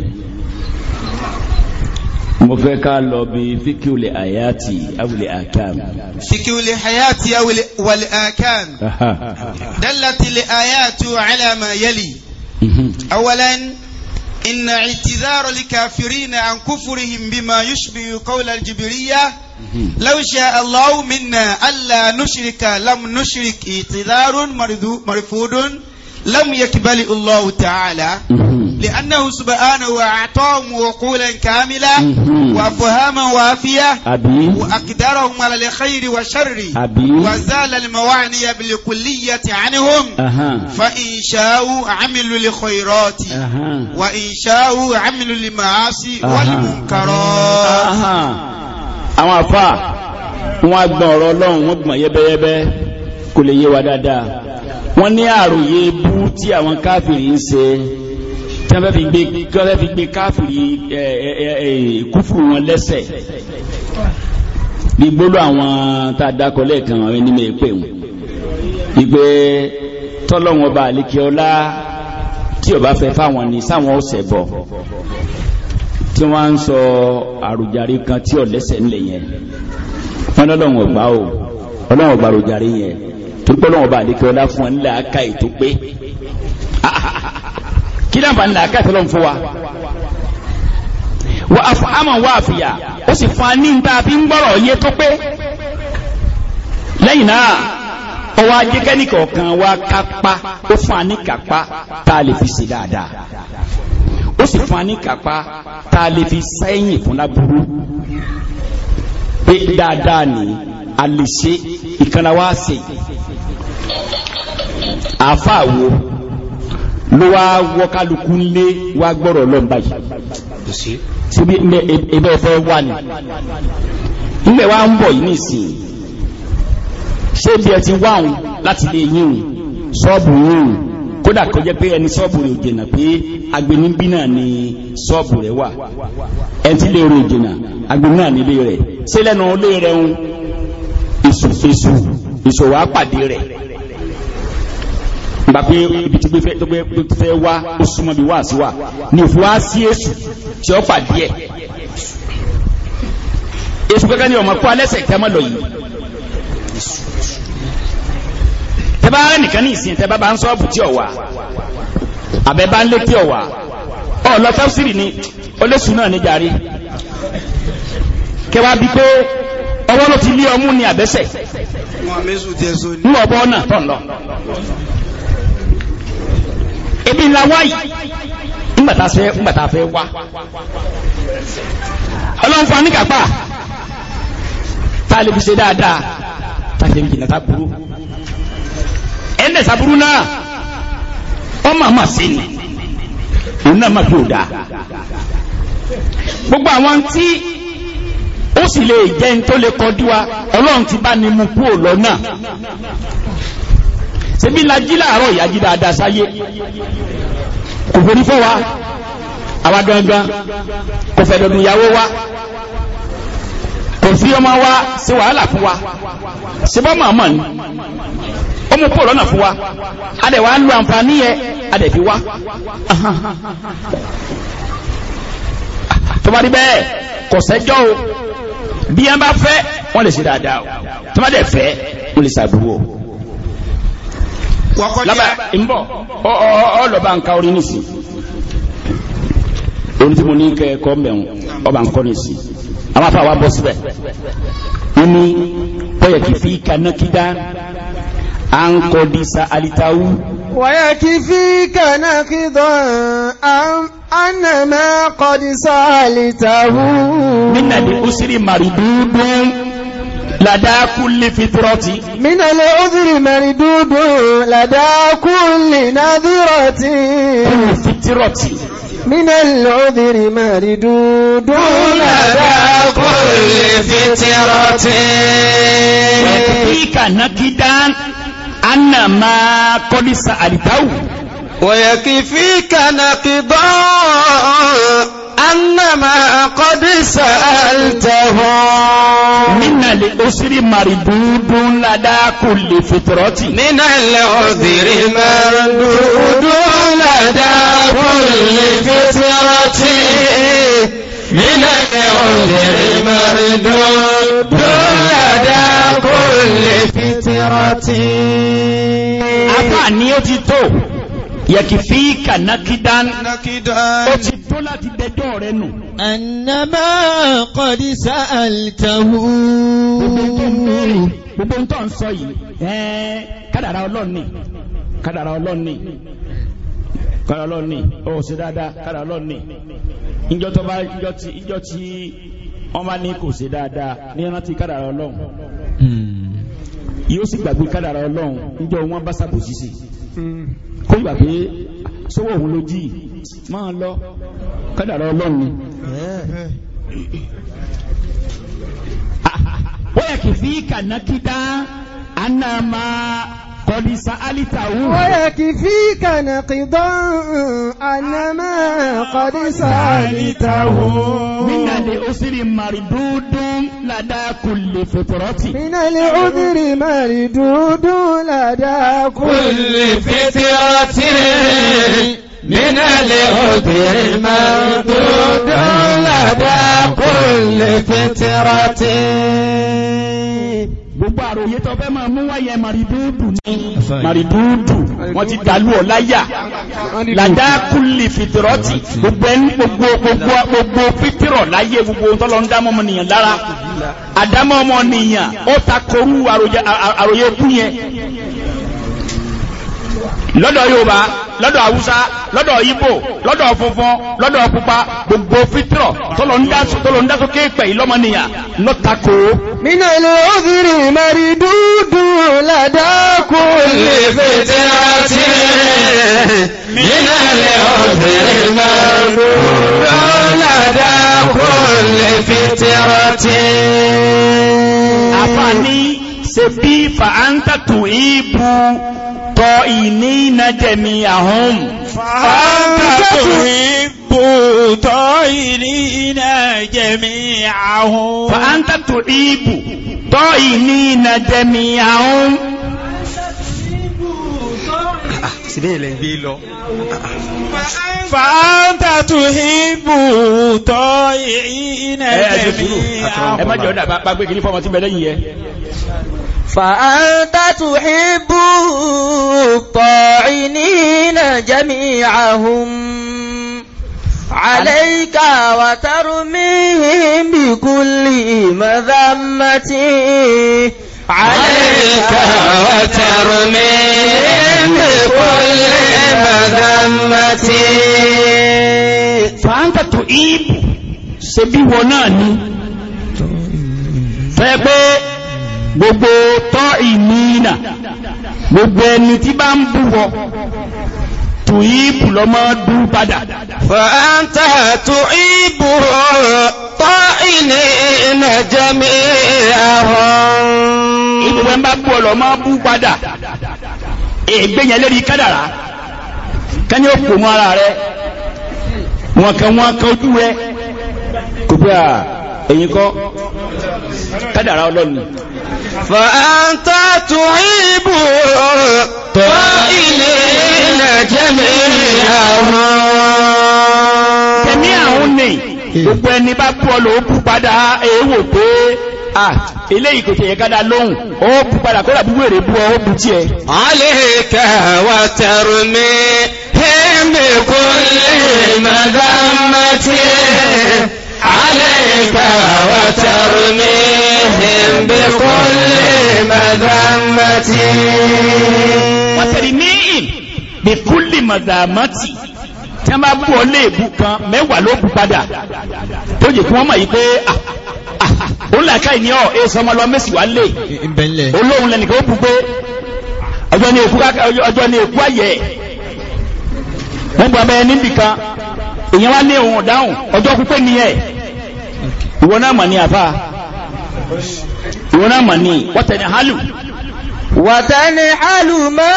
mo fẹ́ ká lọ bí fíkíulẹ̀ àyàtì awulẹ̀ àkàm fíkíulẹ̀ àyàtì awulẹ̀ àkàm dálàtìlẹ̀ àyàtì alàmà yẹlì awalan إن اعتذار الكافرين عن كفرهم بما يشبه قول الجبرية لو شاء الله منا ألا نشرك لم نشرك اعتذار مرفود لم يقبل الله تعالى لأنه سبحانه أعطاهم عقولا كاملة وأفهاما وافية وأقدارهم على الخير والشر وزال الموانع بالكلية عنهم فإن شاءوا عملوا لخيرات وإن شاءوا عملوا لمعاصي والمنكرات àwọn àfà wọ́n gbọ́n ọ̀rọ̀ ọlọ́run wọ́n gbọ́n yẹ́bẹ́yẹ́bẹ́ kò lè yé wa dáadáa wọ́n ní àròyé bú tí àwọn káfìrí ń ṣe tí wọ́n fi gbé kọ́lẹ́ fi gbé káfìrí kúfùrù wọn lẹ́sẹ̀ bí gbóló àwọn tá a dákọ lẹ́ẹ̀kan àwọn ẹni mẹ́ẹ̀ pé wọn ìgbé tọ́lọ́wọ́n bá àlékè ọlá tí ọba fẹ́ fáwọn ni sáwọn ọ̀sẹ̀ bọ̀ tí wọ́n ń sọ àrùjárí kan tí ọ̀lẹ́sẹ̀ ńlẹ̀ yẹn wọ́n lọ́lọ́wọ́n gbá o ọlọ́wọ́n gbá àrùjárí yẹn tó gbọ́lọ́wọ́n bá àlékè ọlá fún ọ kí láǹfà ní làákà ìfẹ́ lọ́n fún wa wa àmọ̀ wá àfìyà ó sì fún a ní níta fi ń gbọ́rọ̀ yé tó pé lẹ́yìn náà ọwọ́ ajẹ́kẹ́ni kọ̀ọ̀kan wa kápá ó fún a ní kápá tá a lè fi ṣe dáadáa ó sì fún a ní kápá tá a lè fi sẹ́yìn fún láburú pé dáadáa ni a lè ṣe ìkànnà wa wo. ló wá wọ́ kálukú lé wá gbọ́rọ̀ lọ́n báyìí síbi ẹbẹ́ fẹ́ wà ní ilẹ̀ wa ń bọ̀ yìí nìsín ṣé bí ẹ ti wá òun láti lè yín ṣọ́ọ̀bù yín kódà kó jẹ́ pé ẹni ṣọ́ọ̀bù rẹ̀ òjìnà pé agbẹnibí náà ni ṣọ́ọ̀bù rẹ̀ wà ẹni tí lè rò òjìnà agbẹnibí náà nílé rẹ̀ ṣé lẹ́nu ilé rẹ̀ ń ìṣòfèsò ìṣòwò àpàdé rẹ̀. gba pé ibi tí gbé fẹ́ wá ó súnmọ́ bí wá sí wá ní òfin wá sí èṣù tí ó pàdé ẹ̀ èṣù gẹ́gẹ́ ní ọmọ kó alẹ́sẹ̀ tẹ́ mọ́ lọ yìí tẹ́ bá nìkan ní ìsìn tẹ́ bá bá ń sọ́ọ̀bù tí ọ̀wà àbẹ́ bá ń lé tí ọ̀wà ọ̀lọ́ tafsiri ni olóṣù náà ní jàre kẹwàá bí pé ọwọ́ ló ti lé ọmú ni àbẹ́sẹ̀ ń wọ̀ bọ́ náà tọ̀ lọ ibi ńlá wáyì nígbàtà fẹ́ wá ọlọ́nfà ní kàpá tààlẹ̀ fi ṣe dáadáa tààlẹ̀ fi jìnà tàbúrú ẹ̀ndẹ̀ sàbúrú náà ọ máa máa sí ni òun náà máa fi ò dáa gbogbo àwọn tí ó sì lè jẹ́ ń tó lè kọjú wa ọlọ́run ti bá ni mú kúrò lọ́nà ṣe bí lají láàárọ̀ ìyájí dáadáa sáyé kò forí fọ́ wa àwa gangan kò fẹ́ dọ̀dún ìyàwó wa kò sí ọmọ wa ṣe wàhálà fún wa ṣe bọ́ màmá ni ó mú pọ̀ lọ́nà fún wa a dẹ̀ wá ń lo àǹfààní yẹn a dẹ̀ fi wá tó bẹ́ẹ̀ kò sẹ́jọ́ o bí ẹ bá fẹ́ wọ́n lè ṣe dáadáa o tó bá fẹ́ wọ́n lè ṣàbúrò o lábà ìmbọ̀ ọlọ́ba nǹkan orin nìsí orin tí mo ní kẹ́ ẹ̀kọ́ mẹ́rin ọba nǹkan nìsí àwọn afọ àwọn bọ́ síbẹ̀ wọ́n ní bọ́yẹ̀ kì í fi kanákídá à ń kọ́ di sa alitawu. wọ́yẹ̀ kì í di usiri màrúdúdú làdákúlé fitrọ́tí. mínàlẹ̀ òzìrì mẹ́rin dúdú làdákúlé nàdírọ̀tí. kúrò fitrọ́tí. mínàlẹ̀ òzìrì mẹ́rin dúdú làdákúlé fitrọ́tí. wẹ̀kíkà nákídá anna máa kọ́lísà àlìtáwù. wẹ̀kíkà nákídá أنما قد سألتهم من الأسر مردود لدى كل فترة من الأسر مردود لدى كل فترة من الأسر مردود لدى كل فترة أفعني تتو yẹ̀kìfíkà nákídán ó ti tó láti dẹjọ́ rẹ nù. ànàmá kọ̀dísà àlìtàwù. gbogbo ń tọ́ ń sọ yìí kádàrá ọlọ́run ni kádàrá ọlọ́run ni ó ṣe dáadáa kádàrá ọlọ́run ìjọ tó bá ìjọ tí ìjọ tí wọ́n bá ní kò ṣe dáadáa ní rántí kádàrá ọlọ́run hmm. yóò sì gbàgbé kádàrá ọlọ́run níjọ wọn bá ṣàbòsí sí hmm kó yíba pé sówó òun ló jí máa lọ kádàrá ọlọ́run ni wọ́n yẹ kì í fi kànákítá anamá kọ́dí sa'alita wù. ó yẹ kí fi kànà kìdán anamá kọ́dí sa'alita wù. nínà lè ó sì rí màrídúdún ládàkù lè fètòrọ́tì. nínà lè ó sì rí màrídúdún ládàkù lè fètòrọ́tì. nínà ó sì rí màrídúdún ládàkù lè fètòrọ́tì gbogbo àròyé tó fẹ́ máa mú wáyẹ màrìdúdù ní màrìdúdù wọ́n ti dàlú ọ̀ láyà làdákùlì fìtìrọ́tì gbogbo ẹni gbogbo gbogbo gbogbo fìtìrọ̀ láyé gbogbo tọ́lọ ń dámọ́ ọmọ nìyàn lára àdámọ́ ọmọ nìyàn ó takorú àròyé kú yẹn lọ́dọ̀ Yorùbá lọ́dọ̀ haúsá lọ́dọ̀ ibo lọ́dọ̀ funfun lọ́dọ̀ pupa gbogbo fitrọ̀ tọ́lọ̀ ń dá sókè pẹ̀ ìlọ́mọnìyàn lọ́tàkó. nínú ìlú òfìrí mẹ́rí dúdú ládàkó lè fètè àti nínú ìlú òfìrí mẹ́rí dúdú ládàkó lè fètè àti. àfààní ṣe bí fàáńtàtù ìbú tọ ìní ìnájẹ̀mí àhún fàáńtàtù ìbú tọ ìní ìnájẹ̀mí àhún fàáńtàtù ìbú tọ ìní ìnájẹ̀mí àhún síbẹ̀ ilẹ̀ gbé lọ. fàáńtà tó hìbù tọ́ ìrìnà ẹ̀mí àwọn. ẹ má jọ dà bá gbé kìíní fọmọ tí bẹ lẹ́yìn yẹ. فأنت تحب الطاعنين جميعهم عليك وترميهم بكل مذمة عليك وترميهم بكل مذمة فأنت تحب ṣebí wọn náà gbogbo tọ́ ìmìnà gbogbo ẹni tí bá ń búwọ tù ìbù lọ́mọ́ dú padà fa'anta tù ìbù tọ́ ìní ìnà jẹ́mí àwọn ìbùwẹ́ ń bá bú ọlọ́mọ́ bú padà ègbéyàn lérí kádàrá kẹ́ni ó pò mọ́ ara rẹ̀ wọ́n kẹ́ wọ́n kẹ́ ojú rẹ̀ kò pé à ah, ẹ̀yin kọ́ kádàrá ọlọ́ni fa'anta tuhibu tọ́ ilé ìrìnàjẹ́mì àwọn tẹ̀mí àwọn ní eh. gbogbo ẹni bá pọ̀ lò ó púpadà èèwò pé à ilé ìkòtò yẹ kádà lóhùn ó púpadà kó làbúgbò èrè bú ọ bú tí ẹ aléèkà wà tẹ̀rù mi hẹ́mẹ̀kọ́ lè màdámátì عليك وترميهم بكل مذمة وترميهم بكل مذمة tí a máa bú ọ léèbù kan كوما يبي. bù padà tó jẹ́ kí wọ́n mọ̀ yí pé òun ah, ah, ah, làákà ìní ọ̀ ọmọ lọ mẹ́sì wá lè olóhun lẹ́nìkan ó bù pé ọjọ́ ni èkú ayẹ wọ́n bu abẹ́yẹ níbì kan èyàn wá lé òun ọ̀dáhùn ọjọ́ pípẹ́ ní ẹ̀ ìwọ náà mọ̀ ní àfá ìwọ náà mọ̀ ní wọ́tẹ̀ni hálù wọ́tẹ̀ni hálù mọ́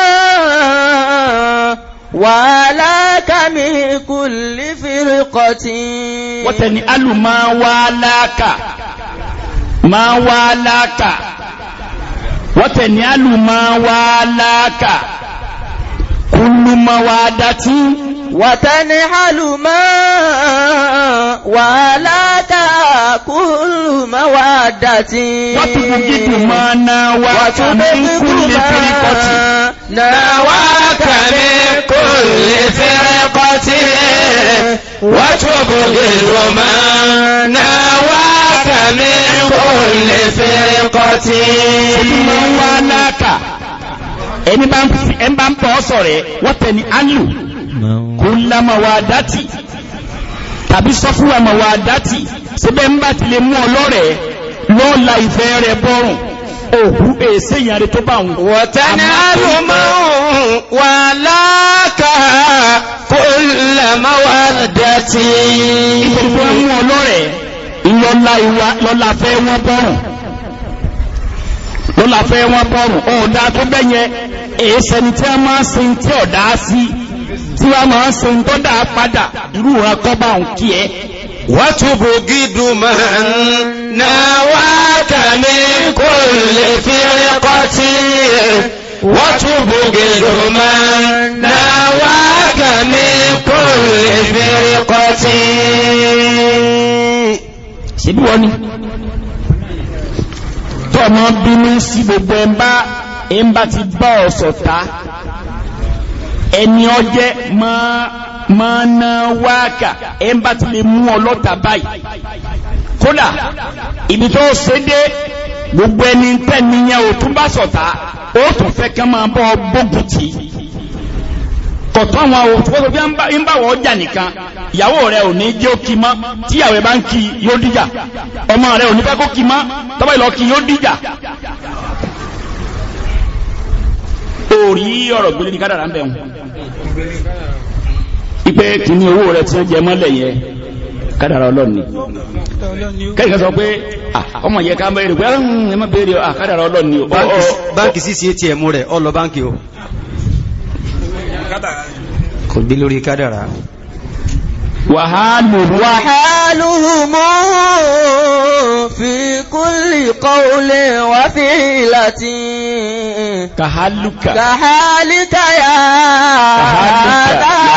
wà láàkàmì kùlì fìrìkọtì wọ́tẹ̀ni hálù máa wà láàkà máa wà láàkà wọ́tẹ̀ni hálù máa wà láàkà kúlù ma wà dátí wàtání hálùmá wà látà kúlù ma wà dátí wàtúkù gídù ma na wà kàmí kúlù fíríkọtì na wà kàmí kúlù fíríkọtì gídù ma na wà kàmí kúlù fíríkọtì. Ṣé máa ẹni bá ń pọ̀ ọ́sọ̀ rẹ̀ wọ́n tẹni anlu kò lámà wà dátì tàbí sọ́fúnwà mà wà dátì síbẹ̀ ń bá ti lè mú ọlọ́rẹ̀ lọ́la ìfẹ́ rẹ̀ bọ́rùn òkú èsè ìyàrí tó bá wọn. wọ̀tẹ́ni alùmọ́ wà láàkà kò lámà wà dátì. ìfẹ́ mú ọlọ́rẹ̀ lọ́la ìwà wọn bọ́rùn ó la fẹ́ wọn bọ́rùn ọ̀dá tó bẹ́yẹ èé sẹni tí a máa ń sin tí ọ̀dá sí tí a máa ń sin tó padà irú wọn kọ́ ń kí ẹ. wàtúbù gídù máa ń na wá kàmí kò lè fi rẹ́kọ́ tí wàtúbù gídù máa ń na wá kàmí kò lè fi rẹ́kọ́ tí. síbí wọ́n ni ọmọ bínú sí gbogbo ẹmbá ẹmbá ti bá ọ̀sọ̀ta ẹni ọjẹ́ máa ná wáàkà ẹmbá ti lè mú ọlọ́ta báyìí kódà ibi tó ṣe dé gbogbo ẹni tẹ́ni yẹn tún bá sọ̀ta ó tún fẹ́ kán máa bọ́ gbógun tì í kọ̀tọ́ àwọn òṣùpọ̀tò bí ń bá wọ́n jà nìkan ìyàwó rẹ̀ ò ní jẹ́ ó kí mọ́ tí ìyàwó rẹ̀ bá ń kí yóò dìjà ọmọ rẹ̀ ò ní fẹ́ kó kí mọ́ tọ́bá ìlọ kí yóò dìjà orí ọ̀rọ̀ gbélé ní kádàrà ń bẹ̀ wọn ipe kìíní owó rẹ̀ tí wọ́n jẹ mọ́lẹ̀ yẹn kádàrà ọlọ́ni kẹ́kẹ́ sọ pé ọmọ yẹ ká bẹ̀rẹ̀ pé ẹ má bẹ̀rẹ̀ kádàrà ọlọ́ni báńkì sí sí atm rẹ̀ ọlọ báńkì o kádàrá ni. وحالهم وحالهم في كل قول وفعلة كحالك كحالك يا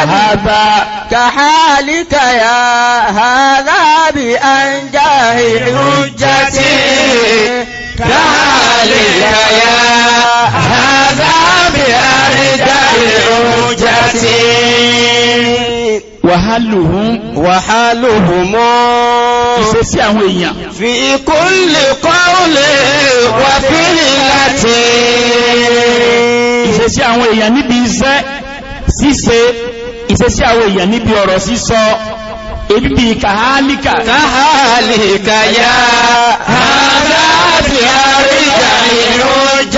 هذا كحالك يا هذا بأنجاه حجتي ذلك يا هذا بأردى الحجة وحالهم وحالهم ìṣesí àwọn èèyàn. fi kulli qawli wa fi'lati. ìṣesí àwọn èèyàn níbi iṣẹ́ ṣíṣe ìṣesí àwọn èèyàn níbi ọ̀rọ̀ sísọ ebi bíi kàhálíkà. kàhálíkà yá الرجال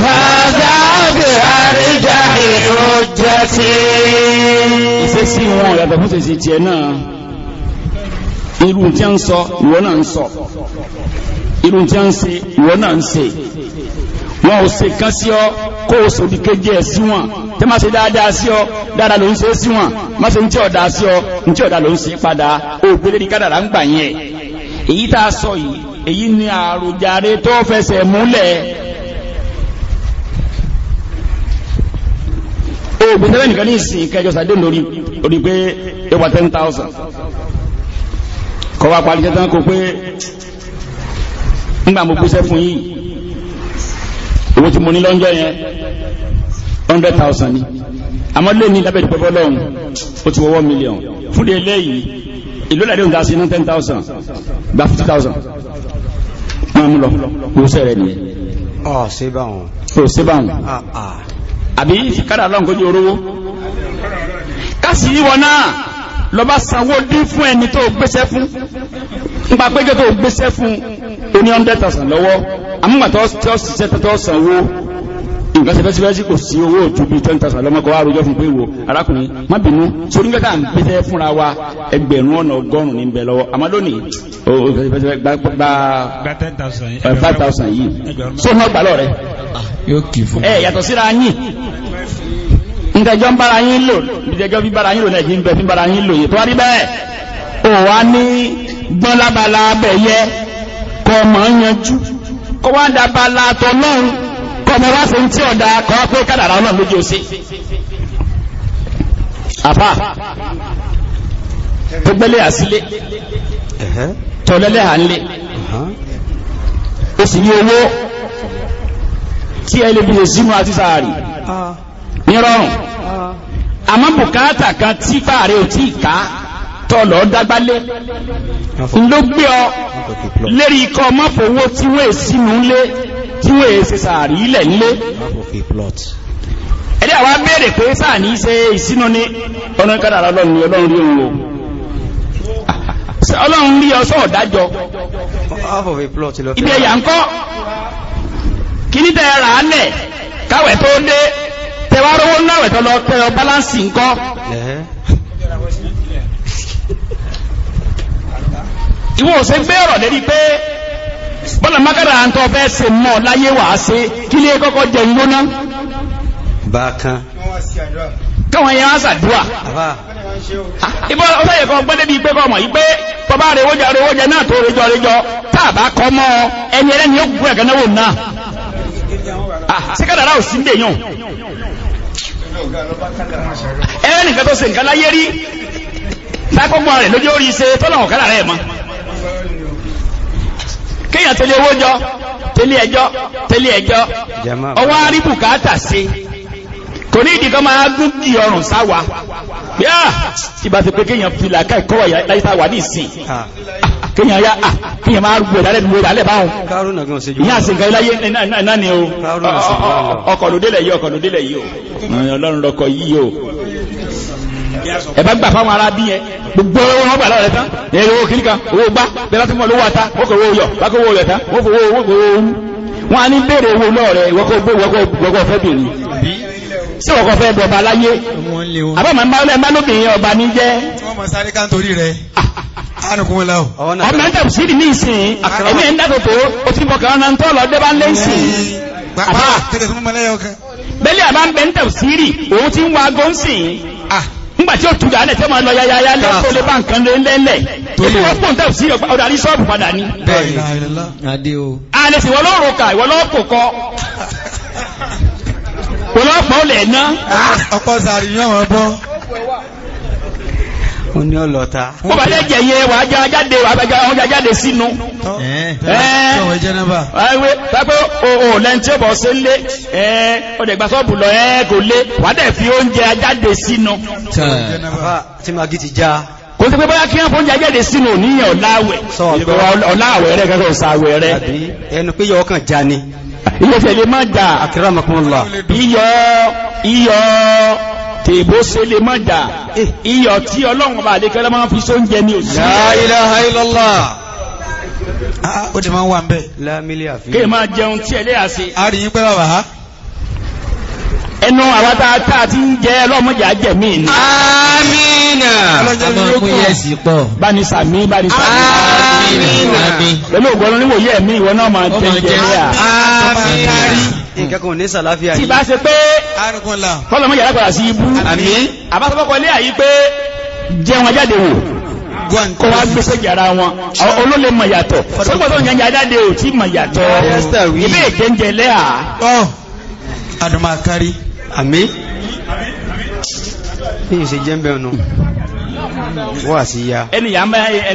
حجتي wọn yàtọ̀ fún ṣèṣì tiẹ̀ náà irú tí a ń sọ ìwọ náà ń sọ irú tí a ń ṣe ìwọ náà ń ṣe wọn ò ṣe kásíọ́ kó o sòdì kejì ẹ̀ sí wọn tẹ́ máa ṣe dáadáa sí ọ dáadáa ló ń ṣe sí wọn máa ṣe ń tí ọ̀dà sí ọ ń tí ọ̀dà ló ń ṣe padà ó ní kádàrá ń gbà yẹn èyí tá a sọ yìí èyí ni àròjàre tó fẹsẹ̀ múlẹ̀ oògùn tẹ́lẹ̀ nìkan ní ìsìn kẹjọ sàdé lórí orí pé ẹwà 10,000 kọwa parí tẹ́tàn kò pé ńgbà mo gbéṣẹ́ fún yìí owó tí mo ní lọ́njọ́ yẹn hundred thousand ni àmọ́ lé ní lábẹ́ ìpẹ́fọ́ lọ́hùn ó ti wọ́wọ́ million fún lè léyìí ìlú làdé òǹkà sí ní ten thousand gba fifty thousand máa mú lọ kó sẹ́rẹ̀ nìyẹn. ọ sébàwọn. ọ sébàwọn. Ah, ah. àbí kára lọ́nkọ́jú orówó. kásìí wọn náà lọ́bá sanwó dín fún ẹni tó gbéṣẹ́ fún nípa péjọ tó gbéṣẹ́ fún oní 100,000 lọ́wọ́ amúgbàtọ́ tí ó ṣiṣẹ́ tọ́tọ́ sanwó nǹkan ṣe fẹ́sífẹ́sí kò sí owó òtú bí 10,000 lọ́mọ́kọ́ wá rojọ́ fún pé wo arákùnrin má bínú sórí nǹkan tá à ń gbéṣẹ́ fúnra wa ẹgbẹ̀rún ọ̀nà ọgọ́rùn-ún ní bẹ lọ́wọ́ àmọ́ lónìí ó fẹ́sífẹ́sí gba 5,000 yìí sóhun ọgbà lọ́rẹ̀ ẹ̀ yàtọ̀ síra yín ntẹjọ́ ń bára yín lò ìjẹjọ́ bí bára yín lò lẹ́yìn bẹ́ẹ̀ fi bára yín lò yìí tó wá rí bẹ́ẹ̀ ò wá ní gbọ́n lábala abẹ yẹ kọ́ mọ̀ ń yanjú kọ́ wá dábala tọ́ náà kọ́ mọ wá sí ti ọ̀dà kọ́ pé kádàrá náà lójú ó sí. àfà tó gbélé àsílé tọ́lẹ́lẹ́ à ń lé ó sì ní owó tí ẹ lè bìyẹ̀ sínú àti sáà rí. Ah nírọ̀rùn àmọ́ bùkátà kan tí fàárẹ ò tí ká tọ́lọ̀ dágbálé ló gbé ọ lérí ikọ̀ mọ́fowó tí wọ́n è sínú lé tí wọ́n è ṣe sàárì ilẹ̀ nílé ẹ̀dẹ́ àwọn abẹ́rẹ̀ pé sáà ní ṣe ìsínú ní ọ̀nà kádàrá ọlọ́run ní ọlọ́run rí òun o ọlọ́run rí ọsọ́ ọ̀dájọ́ ibi ẹ̀yà ń kọ́ kí ní tẹ́ ra lẹ̀ káwẹ̀ tó dé wá rówó náwẹ̀ tọ́lọ tẹ́lọ bálánsì ńkọ́ ìwọ̀n òsè gbé ọ̀rọ̀ lérí pé bọ́lá mákàrà à ń tọ́ fẹ́ ṣe mọ́ láyé wàá ṣe kí lè kọ́kọ́ jẹ ìgbóná bákan káwọn yẹn wọ́n sàdúwà ibọ́ ọ̀sẹ̀ yẹ̀kọ́ gbọ́dẹ̀ bíi pé kọ́mọ̀ yìí pé bọ́bá rewójẹ rewójẹ náà tó rejọ rejọ táàbá kọ́ mọ́ ẹni ẹlẹ́ni ó gún ẹ̀gẹ́ náwó náà síkàdàrà ah, ò sí ń dèyàn ẹ̀rẹ́ nìkan tó ṣe nǹkan láyé rí lákọ́gbọ́n rẹ̀ lójú orí ṣe tọ́lọ̀ ọ̀kadà rẹ̀ mọ́ kéèyàn tẹ́lẹ̀ owó jọ tẹ́lẹ̀ ẹjọ́ tẹ́lẹ̀ ẹjọ́ ọwọ́ arí bùkátà sí kò ní ìdí kan máa gún kí ọrùn sáwa bí a ti bá ti pé kéèyàn fi làákà ìkọ́wà láyé táwa ní ìsìn kíyàn yá à ah, kíyàn máa rúgbò ìdálẹ́ ìdúgbò ìdálẹ́ báhùn ìyá àsìnkà iláyé náà ni o ọkọ̀ lódélẹ̀ yìí ọkọ̀ lódélẹ̀ yìí o ọlọ́run lọkọ̀ yìí o ẹ bá gbà fáwọn ará bí yẹn gbogbo wọn gbà lọ́rẹ̀ tán èrè owó kìíní kan owó gbá bẹ́ẹ̀ láti mú olówó ata ó kò owó yọ bákò owó yọ tán ó fò owó owó owó wọn á ní béèrè owó lọ́rẹ̀ wọ́kọ̀ fẹ́ bèrè sí ọkọ̀ fẹ́ bọba aláyé àbámọ́ ẹ̀ ń bá lóbìnrin ọba ní jẹ́ anukunmọ́láwò ọmọ ẹ̀ntẹ̀ sídì ní ìsìn ẹ̀mí ẹ̀ntẹ̀ tó ó ti bọ̀kẹ̀ ọ̀nà tó lọ dé bá ń lé ìsìn bẹ́lẹ̀ àbá ń bẹ ń tẹ̀wù sírì òun ti ń wa agbó ń sìn ah. nígbà tí ó tu dàálẹ̀ tẹ́ máa lọ yáyáyá lẹ́kọ́ ah. lé bá nǹkan lé ńlẹ́lẹ̀ èyí wọ́n pọ̀ ń tẹ̀wù sírì ọ̀dà ní sọ́ọ̀bù padà ní. àlẹ́ sì wọ́n lọ́rùn kà ìwọ́n lọ́kọ̀ kọ́ wọ́n lọ́pọ̀ lẹ̀ ná. ọ̀pọ̀ sàrìyàn ọ̀bọ ó ní ọlọ́ta ó bá lẹ́ jẹ̀yẹ wà jáde wà bá jáde sínú ẹ̀ẹ́ o lẹ́n tí ó bọ̀ sí lé ẹ̀ẹ́ ó dẹ̀ gbàsọ́bù lọ ẹ́ kò lé wà dẹ̀ fi oúnjẹ jáde sínú tí ma gí ti já kò sí pé bóyá kí wọ́n fóúnjẹ jáde sínú níyàn ọláwẹ̀ ọláwẹ̀ rẹ̀ kẹ́kọ̀ọ́ sáwẹ̀ rẹ̀ ẹnu pé yọ ọkàn já ni ilé fẹ̀lẹ́ má dà akérèmọ́kúnlá iyọ̀ iyọ̀ tèbó se lè mọ́ dà iyọ̀ tí ọlọ́run bá lè kẹ́lẹ́ máa fi sóúnjẹ ní òsì la ilaha ah, ah, ó ti máa wà ń bẹ̀ kí máa jẹun tí ẹlẹ́ àṣẹ àrí yín pẹ́ bàbá ẹnu àwọn tá a ti ń jẹ ọlọ́mọdé àjẹmí ni amínà bá ní sàmí bá ní sàmí amínà pẹ̀lú ògbọ́n níwòye ẹ̀mí ìwọ náà máa tẹ̀ jẹ́ àmínà ìkẹ́kùn ní sàláfíà yìí tí bá ṣe pé kọ́lọ̀mọ́ yàrá padà sí ibú àbátọ́kọ́ lé àyí pé jẹun ajáde wò kó wá gbèsè yàrá wọn olólè mọ̀ yàtọ̀ sọ́gbọ́sọ́ ìyẹn ajáde ò tí mọ̀ ń bẹ̀rù nù wọ́n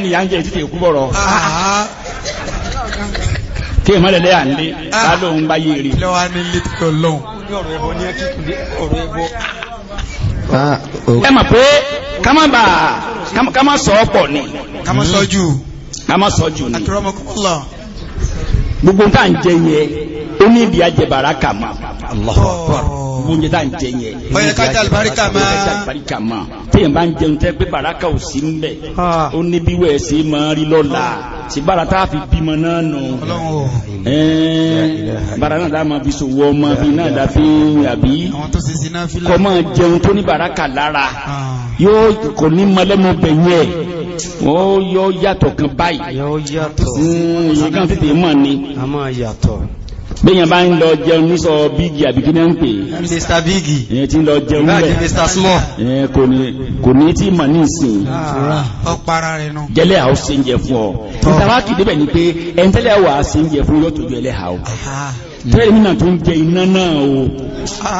ń jẹ́ títí èkú kí èmọ́ lẹ́lẹ́ à ń lé lálóhun ah. bá yé rí lọ́wọ́ ní lítò lóhun ẹ pé ká má sọ ọ̀pọ̀ ni ká má sọ jù ká má sọ jù ni gbogbo nǹkan ó ní ìdí ajẹ́bàrá kà mọ́ oúnjẹ tá à ń jẹ yẹn ọ̀yẹ́ kájà àlùbáríkà mọ́ kájà àlùbáríkà mọ́ téèyàn bá ń jẹun tẹ́ pé bàrákà ò sí ń bẹ̀ ó ní bí wẹ́ẹ̀ sí máa rí lọ́la sí bára tá a fi bímọ náà nù bára náà dáa máa fi sòwò ọmọ bí náà dáa fi àbí kọ́ jẹun tó ní bàrákà lára yóò kò ní mọ́lẹ́mọ́ bẹ̀ yẹn wọ́n yọ yàtọ̀ kan báyìí yóò yàtọ̀ sí hmm, kan tètè mọ̀ ni a máa yàtọ̀ bẹ́yàn bá ń lọ jẹun ní sọ bígì àbí kí náà ń pè mr bígì èyàn tí ń lọ jẹun bẹ́ẹ̀ mr small èyàn kò ní tí mà ní ìsìn ọpara ah, rẹ̀ nù jẹ́lẹ̀ àwọn ṣe ń jẹ fún ọ ìtawákì débẹ̀ ni pé ẹ̀ńtẹ́lẹ̀ wà á ṣe ń tẹ́lẹ̀ mìíràn tó ń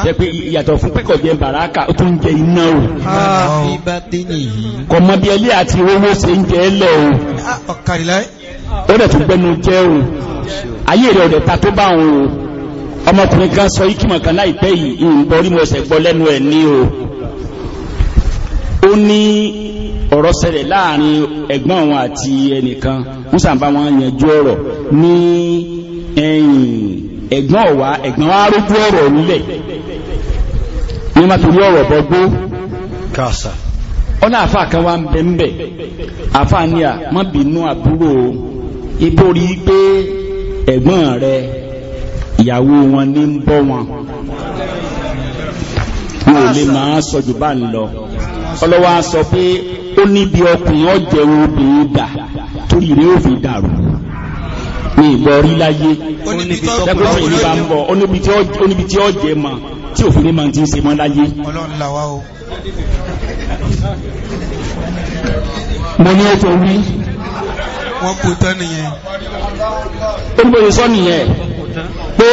jẹ fún pẹ́kọ̀ tó ń jẹ iná ah. ó ayé rẹ̀ ọ̀dẹ̀ ta tó bá wọn o ọmọkùnrin kan sọ ikimọ̀ kan láìpẹ́ yìí ń gbọ́ rí mo ẹsẹ̀ gbọ́ lẹ́nu ẹ̀ ní o ó ní ọ̀rọ̀ sẹlẹ̀ láàrin ẹ̀gbọ́n wọn àti ẹnìkan wọ́n sàbá wọn yanjú ọ̀rọ̀ ní ẹ̀yìn ẹ̀gbọ́n ọ̀wá ẹ̀gbọ́n wa rójú ọ̀rọ̀ nílẹ̀ ní wọ́n torí ọ̀rọ̀ bọ́gbó kàṣà ọ̀nà àfà kan wá ń bẹ̀ ń bẹ̀ àfà ní à àbúrò ìborí pé ẹ̀gbọ́n rẹ̀ ìyàwó wọn ní ń bọ́ wọn wọn ò lè máa sọ jù bá ń lọ ọlọ́wọ́ a sọ pé ó níbi ọkùnrin ọ̀jẹ̀ obìnrin dà torí rẹ̀ ó fi dàrú ní ìbọ̀ orí láyé lẹ́kọ̀ọ́ ìlú bá ń bọ̀ oníbi tí ọ̀jẹ̀ mà tí òfin máa ti ń ṣe mọ́ láyé mo ní ètò wí wọ́n kò tán nìyẹn. ó ń bòye sọ nìyẹn pé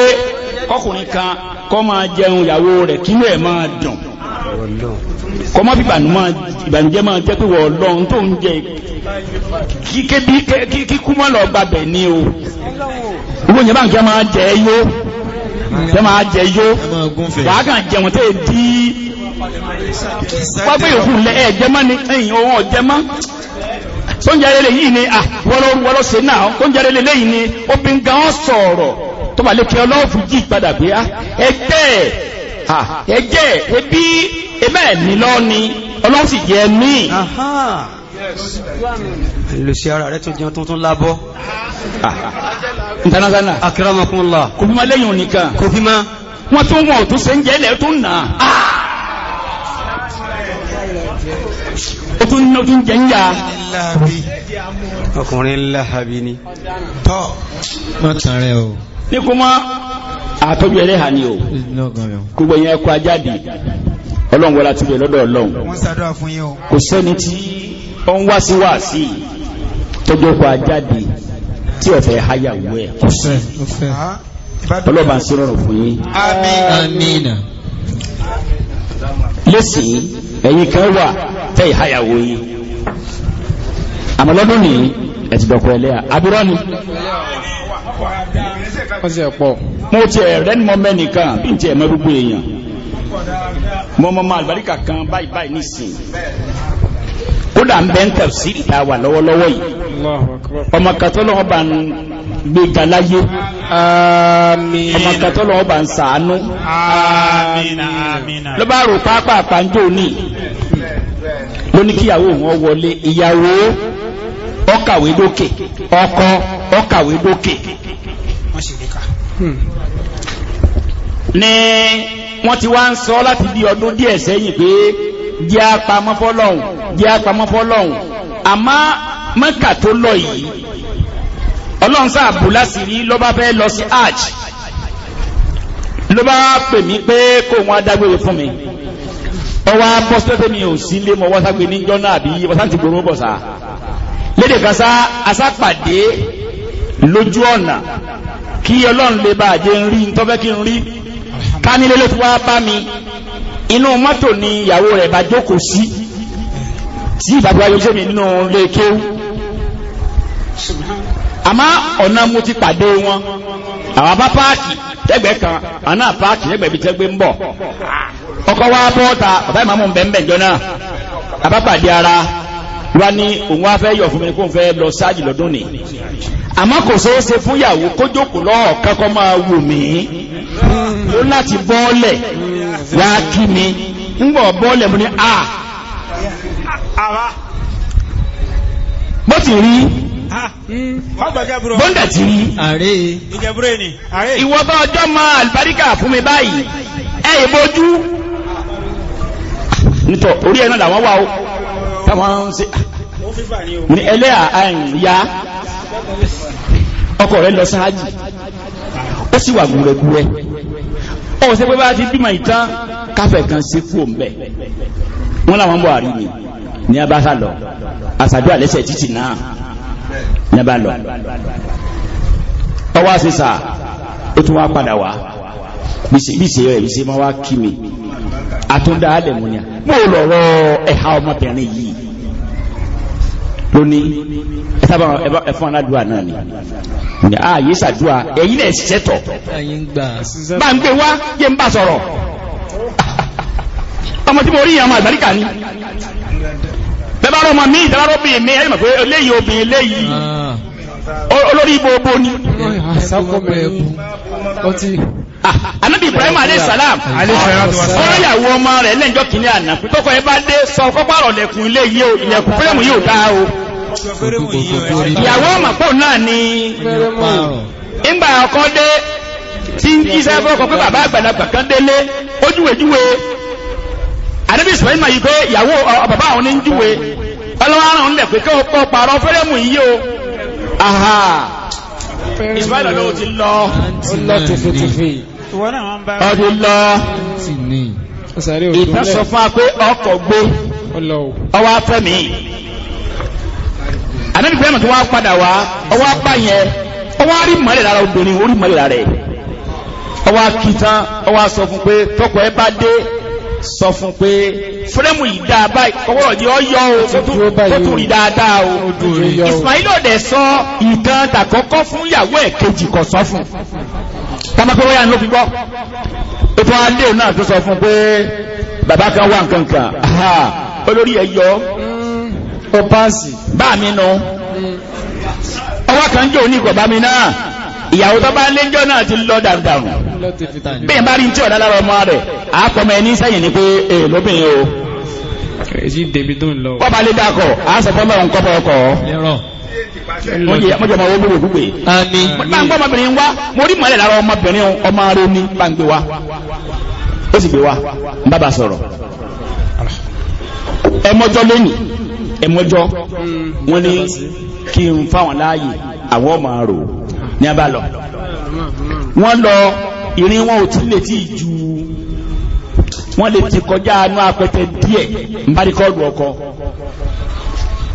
kọkùnrin kan kọ́ máa jẹun ìyàwó rẹ̀ kí ló ẹ̀ máa dùn kọ́ mọ́ bí ìbànújẹ́ máa jẹ́ pé wọ́n lọ́n tó ń jẹ kíkú mọ́ lọ gbàbẹ̀ ni o owó yẹn bá ń kí a máa jẹ yó tẹ́ máa jẹ yó wàá kàn jẹun tẹ́ di pápẹ́ yòókù lẹ́ ẹ̀ jẹ́ mọ́ ni ẹ̀yìn ohun ọ̀jẹ́ mọ́ sóúnjẹ́ lè yìí ni ah, wọ́lọ́ ṣe náà oúnjẹ́ lè lẹ́yìn ni obìnrin gan ọ́ sọ̀rọ̀ tó bà lè kí ọlọ́ọ̀fù jí padà pé ah, ẹgbẹ́ ah, ẹgbẹ́ ẹbí ẹbẹ́ ní lọ́ ni jẹ́ mí lùsí ara rẹ̀ tó jẹun tuntun lábọ́ international akiramakunla kò fi ma lẹ́yìn oníkan tún wọ́n tún se ń jẹ́ ilẹ̀ tún náà ó tún jẹ́ ń yà láàbí ọkùnrin láàbí ni tọ́ mọ́tàn rẹ̀ o ní kó mọ́ àtọ́jú ẹlẹ́hà ni o gbogbo yẹn kó ajáde ọlọ́run wọlá ti bẹ̀ lọ́dọ̀ ọlọ́run kò sẹ́ni tí ó ń wá sí wá sí tọ́jú ọkọ̀ ajáde tí ọ̀fẹ́ háyàwó ẹ̀ kò sẹ́ ọlọ́ba ń sọ̀rọ̀ fún yín. àmín lẹ́sìn ẹ̀yin kan wà tẹ́ ìháyàwó yín àmọ́ lọ́dún ní ẹ̀tì dọ̀kọ̀ ẹlẹ́à abúrọ́ ni mo ti ẹ̀rẹ́ ni mo mẹ́nìkan bí n ti ẹ̀mọ́ gbogbo èèyàn mo mọ ma àlùbáríkà kan báyìí báyìí nísìnyí kódà ń bẹ́ ń tẹ̀sí ìta wà lọ́wọ́lọ́wọ́ yìí ọmọ kàtọ́lọ́wọ́ bá ń gbé galáyé àmín ọmọ kàtọ́lọ́wọ́ bá ń sàánú ló bá rò pápá àpáńjò ní lóníkíyàwó wọn wọlé ìyàwó ọkàwé lókè ọkọ ọkàwé lókè ní hmm. wọ́n ti wá ń sọ láti di ọdún díẹ̀ sẹ́yìn pé jẹ́ apamọ́ fọ́lọ́hùn jẹ́ apamọ́ fọ́lọ́hùn àmọ́ mẹ́kà tó lọ yìí ọlọ́run sáà bù lásìrí ló bá fẹ́ lọ sí hajj ló pè mí pé kó wọn adágbére fún mi ọwọ́ abọ́sítọ́tẹ́ mi ò sí lé mọ́ wọ́ságbé ní jọ́nà àbí wọ́sáǹtì gbòòrò bọ̀sà lédè kan sá asápàdé lójú ọ̀nà kí ọlọ́run lè bá àjẹ́ ń rí ntọ́fẹ́ kí n rí ká nílé ló ti wá bá mi inú mọ́tò ni ìyàwó rẹ̀ bá jókòó sí tí ìbàbá yóò ṣe mi nínú ilé kéwú àmọ́ ọ̀nà mo ti pàdé wọn àwọn bá páàkì tẹ́gbẹ̀ẹ́ kan àná páàkì tẹ́gbẹ̀ẹ́ bí tẹ́gbẹ́ ń bọ̀ ọkọ̀ wa bọ́ta bàbá ìmàmù ń bẹ̀ ń bẹ̀ jọ náà àbápàdé ara wá ní òun wá fẹ́ yọ̀ fún mi kó n fẹ́ lọ ṣáàjì lọ́dún ni àmọ́ kò ṣeé ṣe fún ìyàwó kó jókòó lọ́ọ̀ máa wò mí ó láti bọ́ọ̀lẹ̀ wá kí mi ń bọ̀ bọ́ọ̀lẹ̀ mo ní a bó ti rí bọ́ndà ti rí ìwọ̀bá ọjọ́ ma àlùbáríkà fún mi báyìí ẹ̀ ìbojú nítọ̀ orí ẹ̀ náà làwọn wà ó táwọn ah, ah, ń sí kú òǹbẹ bọ̀ àrí mi ní a bá sá lọ àṣàjọ àlẹ́sẹ̀ títì náà ní a bá lọ ọwọ́ àṣìṣà ó tún wá padà wá bí ṣe yọ ẹ̀ bí ṣe máa wá kí mi àtúndà alẹ̀ mú ni à mo lọ̀rọ̀ ẹ̀ha ọmọbìnrin yìí lónìí ẹ̀sábà ẹ̀fún aládùá náà ni ààyè ah, sàdúà ẹ̀yìn náà ṣiṣẹ́ tọ̀ bá ń gbé wá yé ń bá sọ̀rọ̀ ọmọ tí mo rí ìyàmọ̀ àgbàríkà ni bẹ́ẹ̀ bá rọ ọmọ mi ìdáwọ́ bí mi ẹ̀yìn mọ̀ pé eléyìí obìnrin eléyìí ah. olórí ibo obo ni. Ah, anábì ibrahim aleyhisalaam ọ̀rọ̀ ìyàwó ọmọ rẹ̀ lẹ́njọ́ kìíní àná tọkọ̀ ẹ bá dé sọ fọ́pá rọ̀ lẹ́kùn ilé yìí o ilẹ̀kùn fúrẹ́mù yóò dá o ìyàwó ọmọpọ̀ náà ni ńgbà ọkọ̀ dé tí ń jíṣẹ́ fọ́kọ̀ pé bàbá àgbàlagbà kan délé ó júwèjúwe anábì ibrahim yìí pé ìyàwó bàbá àwọn ní ń júwe ọlọ́wọ́ràn ń lẹ̀ pé kí ọkọ̀ pààrọ̀ fúrẹ́mù yìí o aha ìsúwàlọ́ ló ti lọ ó lọ tòfètòfè ọdún lọ ìtàn sọ fún wa pé ọkọ̀ gbé ọwọ́ afẹ́mi ànábì Ibrahim tó wá padà wá ọwọ́ apá yẹn ọwọ́ arí mọ́lẹ̀ lára odò ni orí mọ́lẹ̀ lára ẹ̀ ọwọ́ akitán ọwọ́ sọ fún pé tọkọ ẹ bá dé sọ fún pé fúrẹ́mù yìí báyìí ọwọ́rọ̀ yìí ọyọ o tó tún rí dáadáa o Ismail ọ̀dẹ̀ sọ ìtàn tàkọ́kọ́ fún ìyàwó ẹ̀ kejì kọ̀ sọ fún kama pé wáyà ló fi gbọ́ ó tún alẹ́ òun náà tó sọ fún pé bàbá kan wà nǹkan kan olórí ẹ̀ yọ ó páàsì bá mi nù ọwọ́ kan jò ní ìkọ̀ bá mi náà ìyàwó tó bá lé jọ náà ti lọ dàrúdàrú bẹ́ẹ̀ bá rí tí ọ̀dá lára ọmọ rẹ̀ àákọ́mọ ẹni sẹ́yìn ni pé èè lóbìnrin o. èyí débi tó ń lọ. wọ́n bá lé dákọ̀ àá sọ fọ́lọ́run ọkọ̀. wọ́n yẹ ọmọdé gbogbo yìí. àmín. ọmọbìnrin wa mo rí lára ọmọbìnrin ọmọ aró ní wa ó sì gbé wa ń sọ̀rọ̀ ẹmọjọ́ lónìí ẹmọjọ́ wọ́n ní kí n fáwọn láàyè àwọn ọmọ aró ní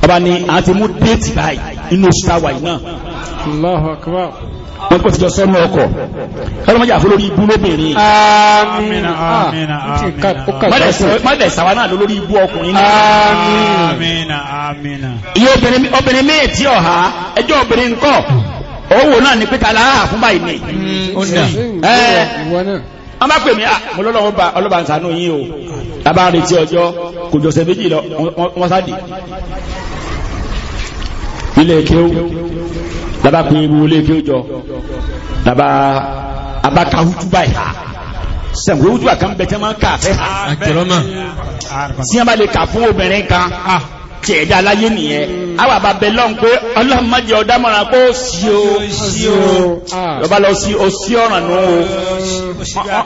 ọba ni a ti mú déètì báyìí inú ṣáwà náà Allahu Akbar wọ́n pẹ̀ fìjọ sọ́nà ọkọ̀ ọlọ́mọdé àfọlórí ibú lóbìnrin àmín àmín àmín mọ́dẹ̀ sàwà náà lórí ibú ọkùnrin náà iye obìnrin ọ̀há ẹjọ́ obìnrin náà ni wọ́n bá pè mí ah, mo lọ́lọ́wọ́ bá ọlọ́bà ìsànú yín o tàbá retí ọjọ́ kò jọ̀sẹ̀ méjì lọ wọ́n sáàdì ilé kéwú tàbá pè mí ilé kéwú jọ tàbá abáka hútúbà ìhà sẹ̀kúrú hútúbà kan bẹ̀ máa ń kà fẹ́ ha tí bá lè kà fún obìnrin kan ah tiẹ̀ dá láyé nìyẹn àwọn àbábẹ́ lọ́n pé ọlọ́run má jẹ́ ọ̀dámọ̀ràn kó sí o sí o lọ́ba lọ sí o sí ọ̀ràn nù o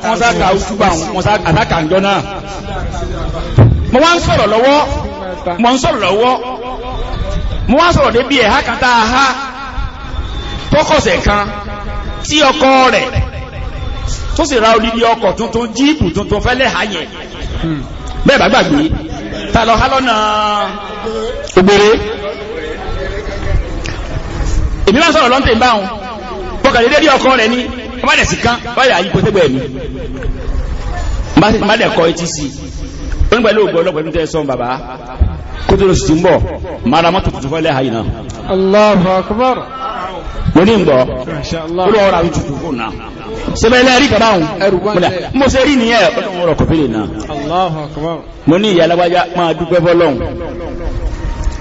wọ́n sáka túbà wọ́n sáka ń jọ náà mo wá ń sọ̀rọ̀ lọ́wọ́ mo ń sọ̀rọ̀ lọ́wọ́ mo wá ń sọ̀rọ̀ débi ẹ̀há kan tá tọkọ̀sẹ̀ kan tí ọkọ rẹ̀ tó sì ra odidi ọkọ̀ tuntun jíìpù tuntun fẹ́lẹ́ hà yẹn bẹ́ẹ̀ bá gbàgbé ta lọ hálọ́nà ògbèrè èmi máa sọ̀rọ̀ lọ́ntẹ̀ báwọn pọkàlédé rí ọkọ rẹ̀ ní ọmọdé sí kan báyà yìí kó tẹ́gbẹ̀ẹ́ mi ọmọdé kọ etí sí i ó ní pẹ̀lú ògbọ́ ọlọ́pàá tẹ́ sọ́n bàbá kó tó lọ sí ti ń bọ̀ máa ra mọ́tò tuntun fọ́lẹ́ àyìnà. Allahu Akbar mo ní gbọ́ olóòrà ìtùtù kò náà sẹ́bẹ̀lẹ̀ rí kàbá ohun ẹrùgbọ́n mo ṣe rí nìyẹn ọdún ọ̀rọ̀ kòfèrè náà mo ní ìyàlábájá máa dúpẹ́ fọ́lọ́hun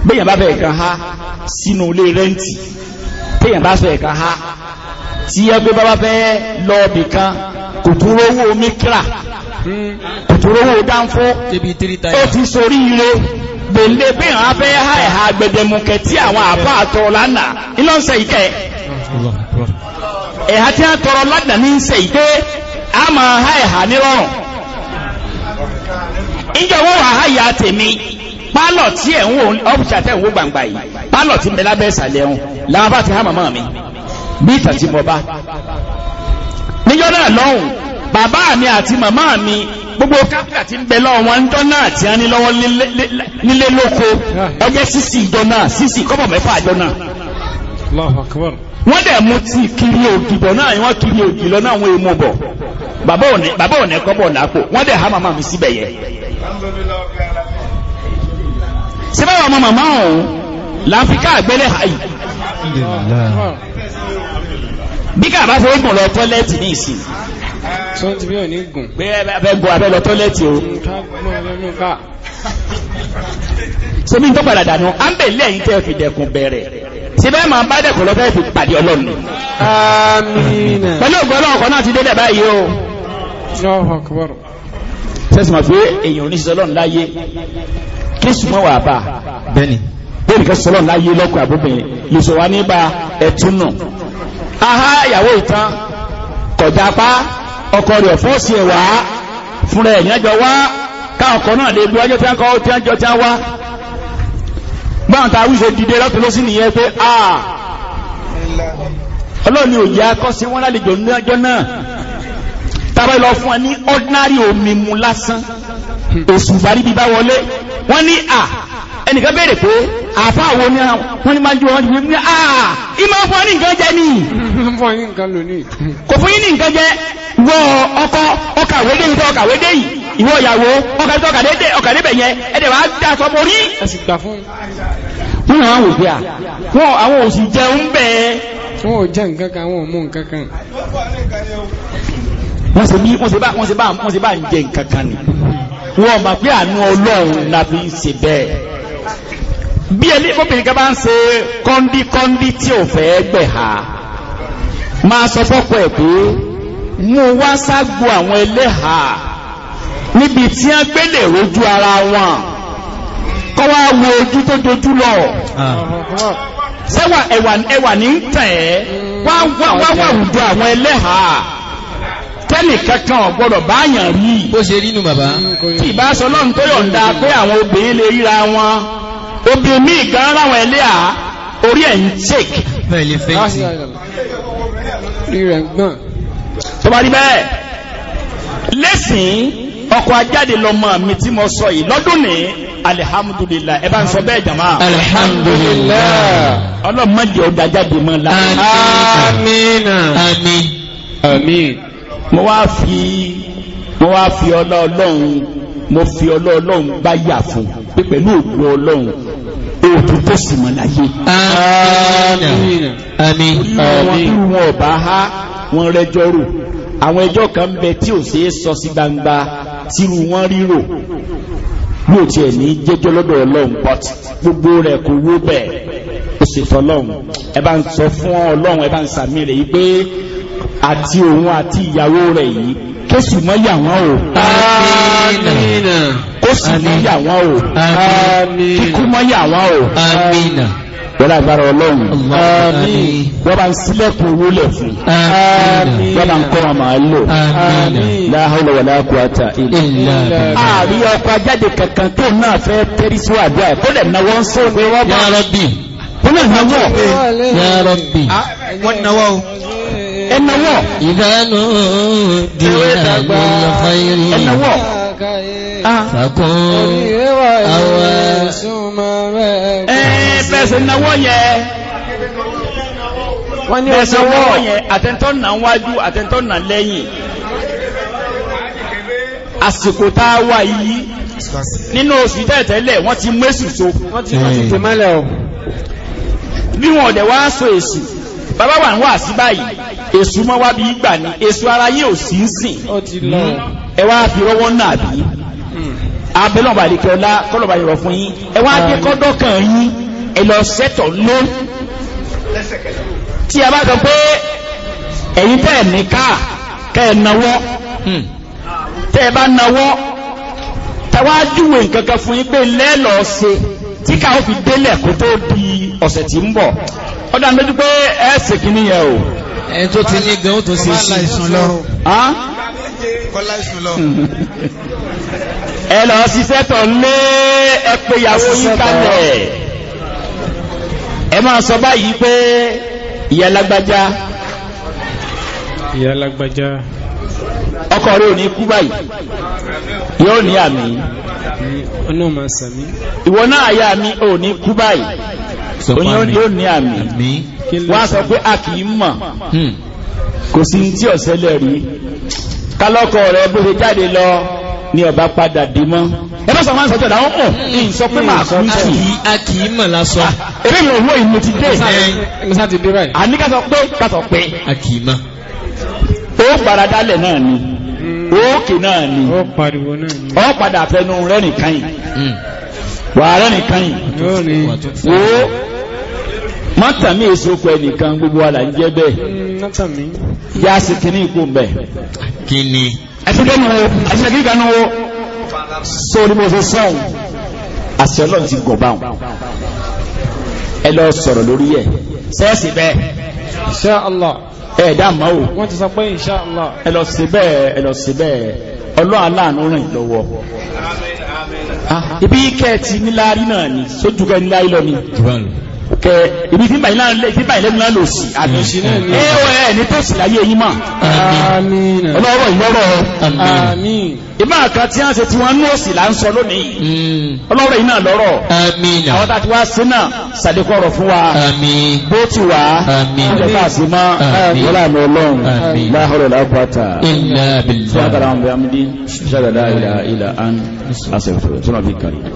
bẹ́yàn bá fẹ́ ẹ̀kan ha sínú ilé rẹ́ǹtì bẹ́yàn bá fẹ́ ẹ̀kan ha tí ẹgbẹ́ bá fẹ́ lọ bì kan kò tó rówó mikra hmm. kò tó rówó dánfó ó ti sorí ire gbèlè bí àwọn ha ẹ̀ha gbẹ̀dẹ̀mùkẹ̀ tí àwọn àbá àtọrọ lánàá iná ń sẹ ìkẹ́ ẹ̀ha tí a tọrọ lánàá ní ń sẹ a ha ẹ̀ha nírọ̀rùn ìjọwọ́ wà ha ya tèmi pálọ̀ tí ẹ̀ ń wò gbangba yìí pálọ̀ tí mẹ́lá bẹ́ẹ̀ sàlẹ̀ ẹ̀hún làwọn bá ti há màmá mi bí ìtàtí mọ̀ bá níjọ́ náà lọ́hùn bàbá mi àti màmá gbogbo kápítà ti ń bẹ lọ́wọ́ wọn jọ náà tí a ní lọ́wọ́ nílé lóko ọjẹ́ sísì ìjọ náà sísì kọ́bọ̀ mẹ́fà àjọ náà wọ́n dẹ̀ mú ti kiri ògìbọ̀ náà wọ́n kiri ògìlọ náà wọ́n èmú bọ̀ bàbá òní kọ́bọ̀ lápò wọ́n dẹ̀ há màmá mi síbẹ̀ yẹ síbẹ̀ wà mọ́ màmá ọ̀hún láfíkà àgbélẹ̀ àyè bí káà bá fẹ́ gbọ̀n lọ tọ́lẹ́tì ní ìsìn tí bí òní gùn. pé abẹ́ bọ abẹ́ lọ tọ́lẹ́tì o. sẹ́mi ń tó padà dànù à ń bèlè ẹ̀yìn tẹ́ fi dẹ̀kun bẹ̀rẹ̀ síbẹ̀ máa bá dẹ̀kun lọ́fẹ́ fi pàdé ọlọ́run. pẹ̀lú ògbọ́n náà ọkọ̀ náà ti dé dẹ̀ báyìí o. sẹ́sì máa fi èèyàn oníṣẹ́ ọlọ́run láyé kí sùnmọ́ wà bá. bẹ́ẹ̀ni bẹ́ẹ̀ni kẹ́ sọ́lọ́run láyé lọ́kọ̀ àbúbẹ̀yìn yóò sọ wá níbà ẹ̀tún aha ìyàwó ìtàn kọjá pa ọkọ rẹ̀ fọ́ọ̀sì ẹ̀ wá fún rẹ̀ ní àjọ wá ká ọkọ̀ náà lè gbọ́ ọjọ́ tí a kọ́ tí a jọ tí a wá báwọn ta wíṣe dìde lọ́tún ló sì nìyẹn a ọlọ́ọ̀ni òye akọ́sí wọn lálejò ní ọjọ́ náà tàbí lọ fún ẹ ní ordinary omi mu ẹnìkan béèrè pé àfá àwọn ní wọ́n ní máa jú wọ́n ní à ìmọ̀ fún ọ ní nǹkan jẹ ní kò fún yín ní nǹkan jẹ wọ ọkọ ọkàwé dé ìfẹ́ ọkàwé dé yìí ìwọ ìyàwó ọkàdé ọkàdé bẹ̀ yẹn ẹ̀dẹ̀ wàá dá aṣọ mọ́ rí. wọ́n àwọn òbí à wọ́n àwọn òsì jẹun bẹ́ẹ̀. wọ́n ò jẹ́ nǹkan kan wọ́n ò mú nǹkan kan. wọ́n ṣe bí wọ́n ṣe bá wọ́n ṣe bá wọ́n ṣe bá ń jẹ nǹkan kan ni wọ́n mọ̀ pé àánú ọlọ́run la fi ń ṣe bẹ́ẹ̀. bí ẹni obìnrin kan bá ń ṣe kọ́ndíkọ́ndí tí ò fẹ́ gbẹ̀ ha máa sọ fọ́pọ̀ ẹ̀ pé mú wá ságbo àwọn ẹlẹ́hà níbi tí a gbélé rojú ara wọn kọ́ wá wo ojú tó dojú lọ sẹ́wà ẹ̀wà ní tẹ̀ wá wá wùdó àwọn ẹlẹ́hà tẹ́nì kankan ọ̀gbọ́dọ̀ báyàn rí bó ṣe rí nù bàbá tí ìbá sọ lọ́n tó yọ̀ǹda pé àwọn obìnrin lè ríra wọn obìnrin míì gan ráwọn ẹlẹ́ orí ẹ̀ ń ṣèk. bẹ́ẹ̀ lè fẹ́ sí. rí rẹ̀ ń gbọ́n tó bá rí bẹ́ẹ̀ lẹ́sìn ọkọ̀ ajáde lọ́mọ mi tí mo sọ yìí lọ́dún ní alihamudulila ẹ bá ń sọ bẹ́ẹ̀ jama. alihamudulila. ọlọ́mọdé ọ̀dà jáde mọ́ la. amina. amin. amin. mo wá fi mo wá fi ọlọ́ọ̀lọ́hún mo fi ọlọ́ọ̀lọ́hún gbáyà fún pé pẹ̀lú òògùn ọlọ́hún tó tó fèsì mọ̀ láyé àmín irú wọn ọ̀bá ha wọn rẹjọ́ rò àwọn ẹjọ́ kan ń bẹ tí ò sí sọ sí gbangba tírú wọn rírò yóò tiẹ̀ ní jẹ́jọ́ lọ́dọ̀ ọlọ́run but gbogbo rẹ̀ kò wó bẹ́ẹ̀ ó sì tọ́lọ́run ẹ bá ń sọ fún ọlọ́run ẹ bá ń sàmì rẹ̀ yìí pé àti òun àti ìyàwó rẹ̀ yìí késù mọ́ yà wọ́n o. àmín ó sì ní yà wọ́n o kíkú mọ́ yà wọ́n o wọ́n agbára ọlọ́run wọ́n bá ń sílẹ̀kùn owó lẹ̀ fún wọ́n bá ń kọ́ ọmọ àlò láhàlọ́ wà láàkúwàtà ilẹ̀ ààrí ọkọ̀ ajáde kankan tó náà fẹ́ tẹ́rí síwájú àkọ́lẹ̀ náwọ́ ń sọ pé wọ́n bá Bọ́lá ìnáwọ́. Ya Rabbi. Ah, wọ́n náwọ́ o. Ẹnáwọ́. Ìdánù dìrà lọ́lọ́fà ìrìn. Ẹnáwọ́ fàkún àwọn ẹ̀ẹ́fẹ́sẹ̀ náwọ́ yẹ náwọ́ yẹ àtẹ́ntọ́ nà wájú àtẹ́ntọ́ nà lẹ́yìn àsìkò tá wà yìí nínú oṣù tẹ́ẹ̀tẹ́lẹ̀ wọ́n ti mú èsù so wọ́n ti mọ́lẹ̀ èsù bàbá wà ń wà sí báyìí èṣù mọ́ wá bí gbà ní èṣù ara yìí ò sí ń sìn ẹ wá fi rọ́wọ́ náà bí abẹ́lọ́ bá lékẹ́ ọlá kọ́lọ̀ bá yọ̀rọ̀ fún yín ẹ wá dé kọ́dọ̀ kan yín ẹ lọ sẹ́tọ̀ ló tí a bá sọ pé ẹ̀yin tẹ́ ẹ̀ ní káà kẹ́ ẹ̀ náwó hmm. tẹ́ ẹ bá náwó tẹwájúwe nǹkan kan fún yín pé lẹ́lọ́ọ̀ṣe tí káwọn fi délẹ̀ kó tó di ọ̀sẹ̀ tí ń bọ̀ ọdá méjì pé ẹ̀ẹ́sì kì ní yẹ o ẹni tó ti ní gan ó tó sì sí ẹ lọ ṣiṣẹ́ tọ̀ lé ẹpẹyàwó yín kalẹ̀ ẹ máa sọ báyìí pé ìyá ọkọ rẹ̀ ò ní kú báyìí yóò ní àmì ìwọ náà yá mi ò ní kú báyìí yóò ní àmì wọ́n á sọ pé a kì í mọ̀ hmm. kò sí tí ọ̀sẹ́lẹ̀ rí kálọ́kọ̀ rẹ̀ bó ṣe jáde lọ ní ọba padà dé mọ́ ẹgbẹ́ sọ máa ń sọ tẹ̀lá ń hàn ní sọ pé máa kọ́ kí a kì í mọ̀ lásán ah, eré mi ò wó ìmú ti dé àní ká sọ pé ká sọ pé a kì í mọ̀ ó faradálẹ̀ náà ni òkè náà ni ọ padà fẹnu rẹ́nìkan yìí hmm. wà rẹ́nìkan yìí wo mọ́tàmí èso pẹ̀ nìkan gbogbo àlà ń jẹ́ bẹ́ẹ̀ hmm, yá sí kìíní ipò mbẹ̀ kìíní ẹ̀sìnkẹ́nu wo ẹ̀sìnkẹ́nu wo sórí mo fi sọ́hùn àṣẹ ọlọ́run ti gọ̀ báhùn ẹ lọ sọ̀rọ̀ lórí ẹ̀ sẹ́ẹ̀sì bẹ́ẹ̀ Insha Allah ẹ̀ẹ́dá mọ́ o wọ́n ti sọ pé insha Allah ẹlọ́síbẹ̀ ẹlọ́síbẹ̀ ọlọ́àláàánú rìn lọ́wọ́ ah, ibi kẹ́ẹ̀tì níláàrí náà ni sójúkẹ́ níláàrí lọ ni kẹ ibi tí báyìí lẹ́nu náà lò sí àmì aon ní tó sì láyé yín mọ̀ ọlọ́rọ̀ ìlọ́rọ̀ ìbá àkà tí a ń ṣe tí wọ́n ń lò sí là ń sọ lónìí hmm. ọlọ́rọ̀ iná lọ́rọ̀ àwọn tá a ti wá sí náà ṣàdékọ̀ ọ̀rọ̀ fún wa bó ti wà ọjọ́ tá a sì mọ́ ọlá àmì ọlọ́run láhọ̀rọ̀ lápáta ṣáàtàrà àwọn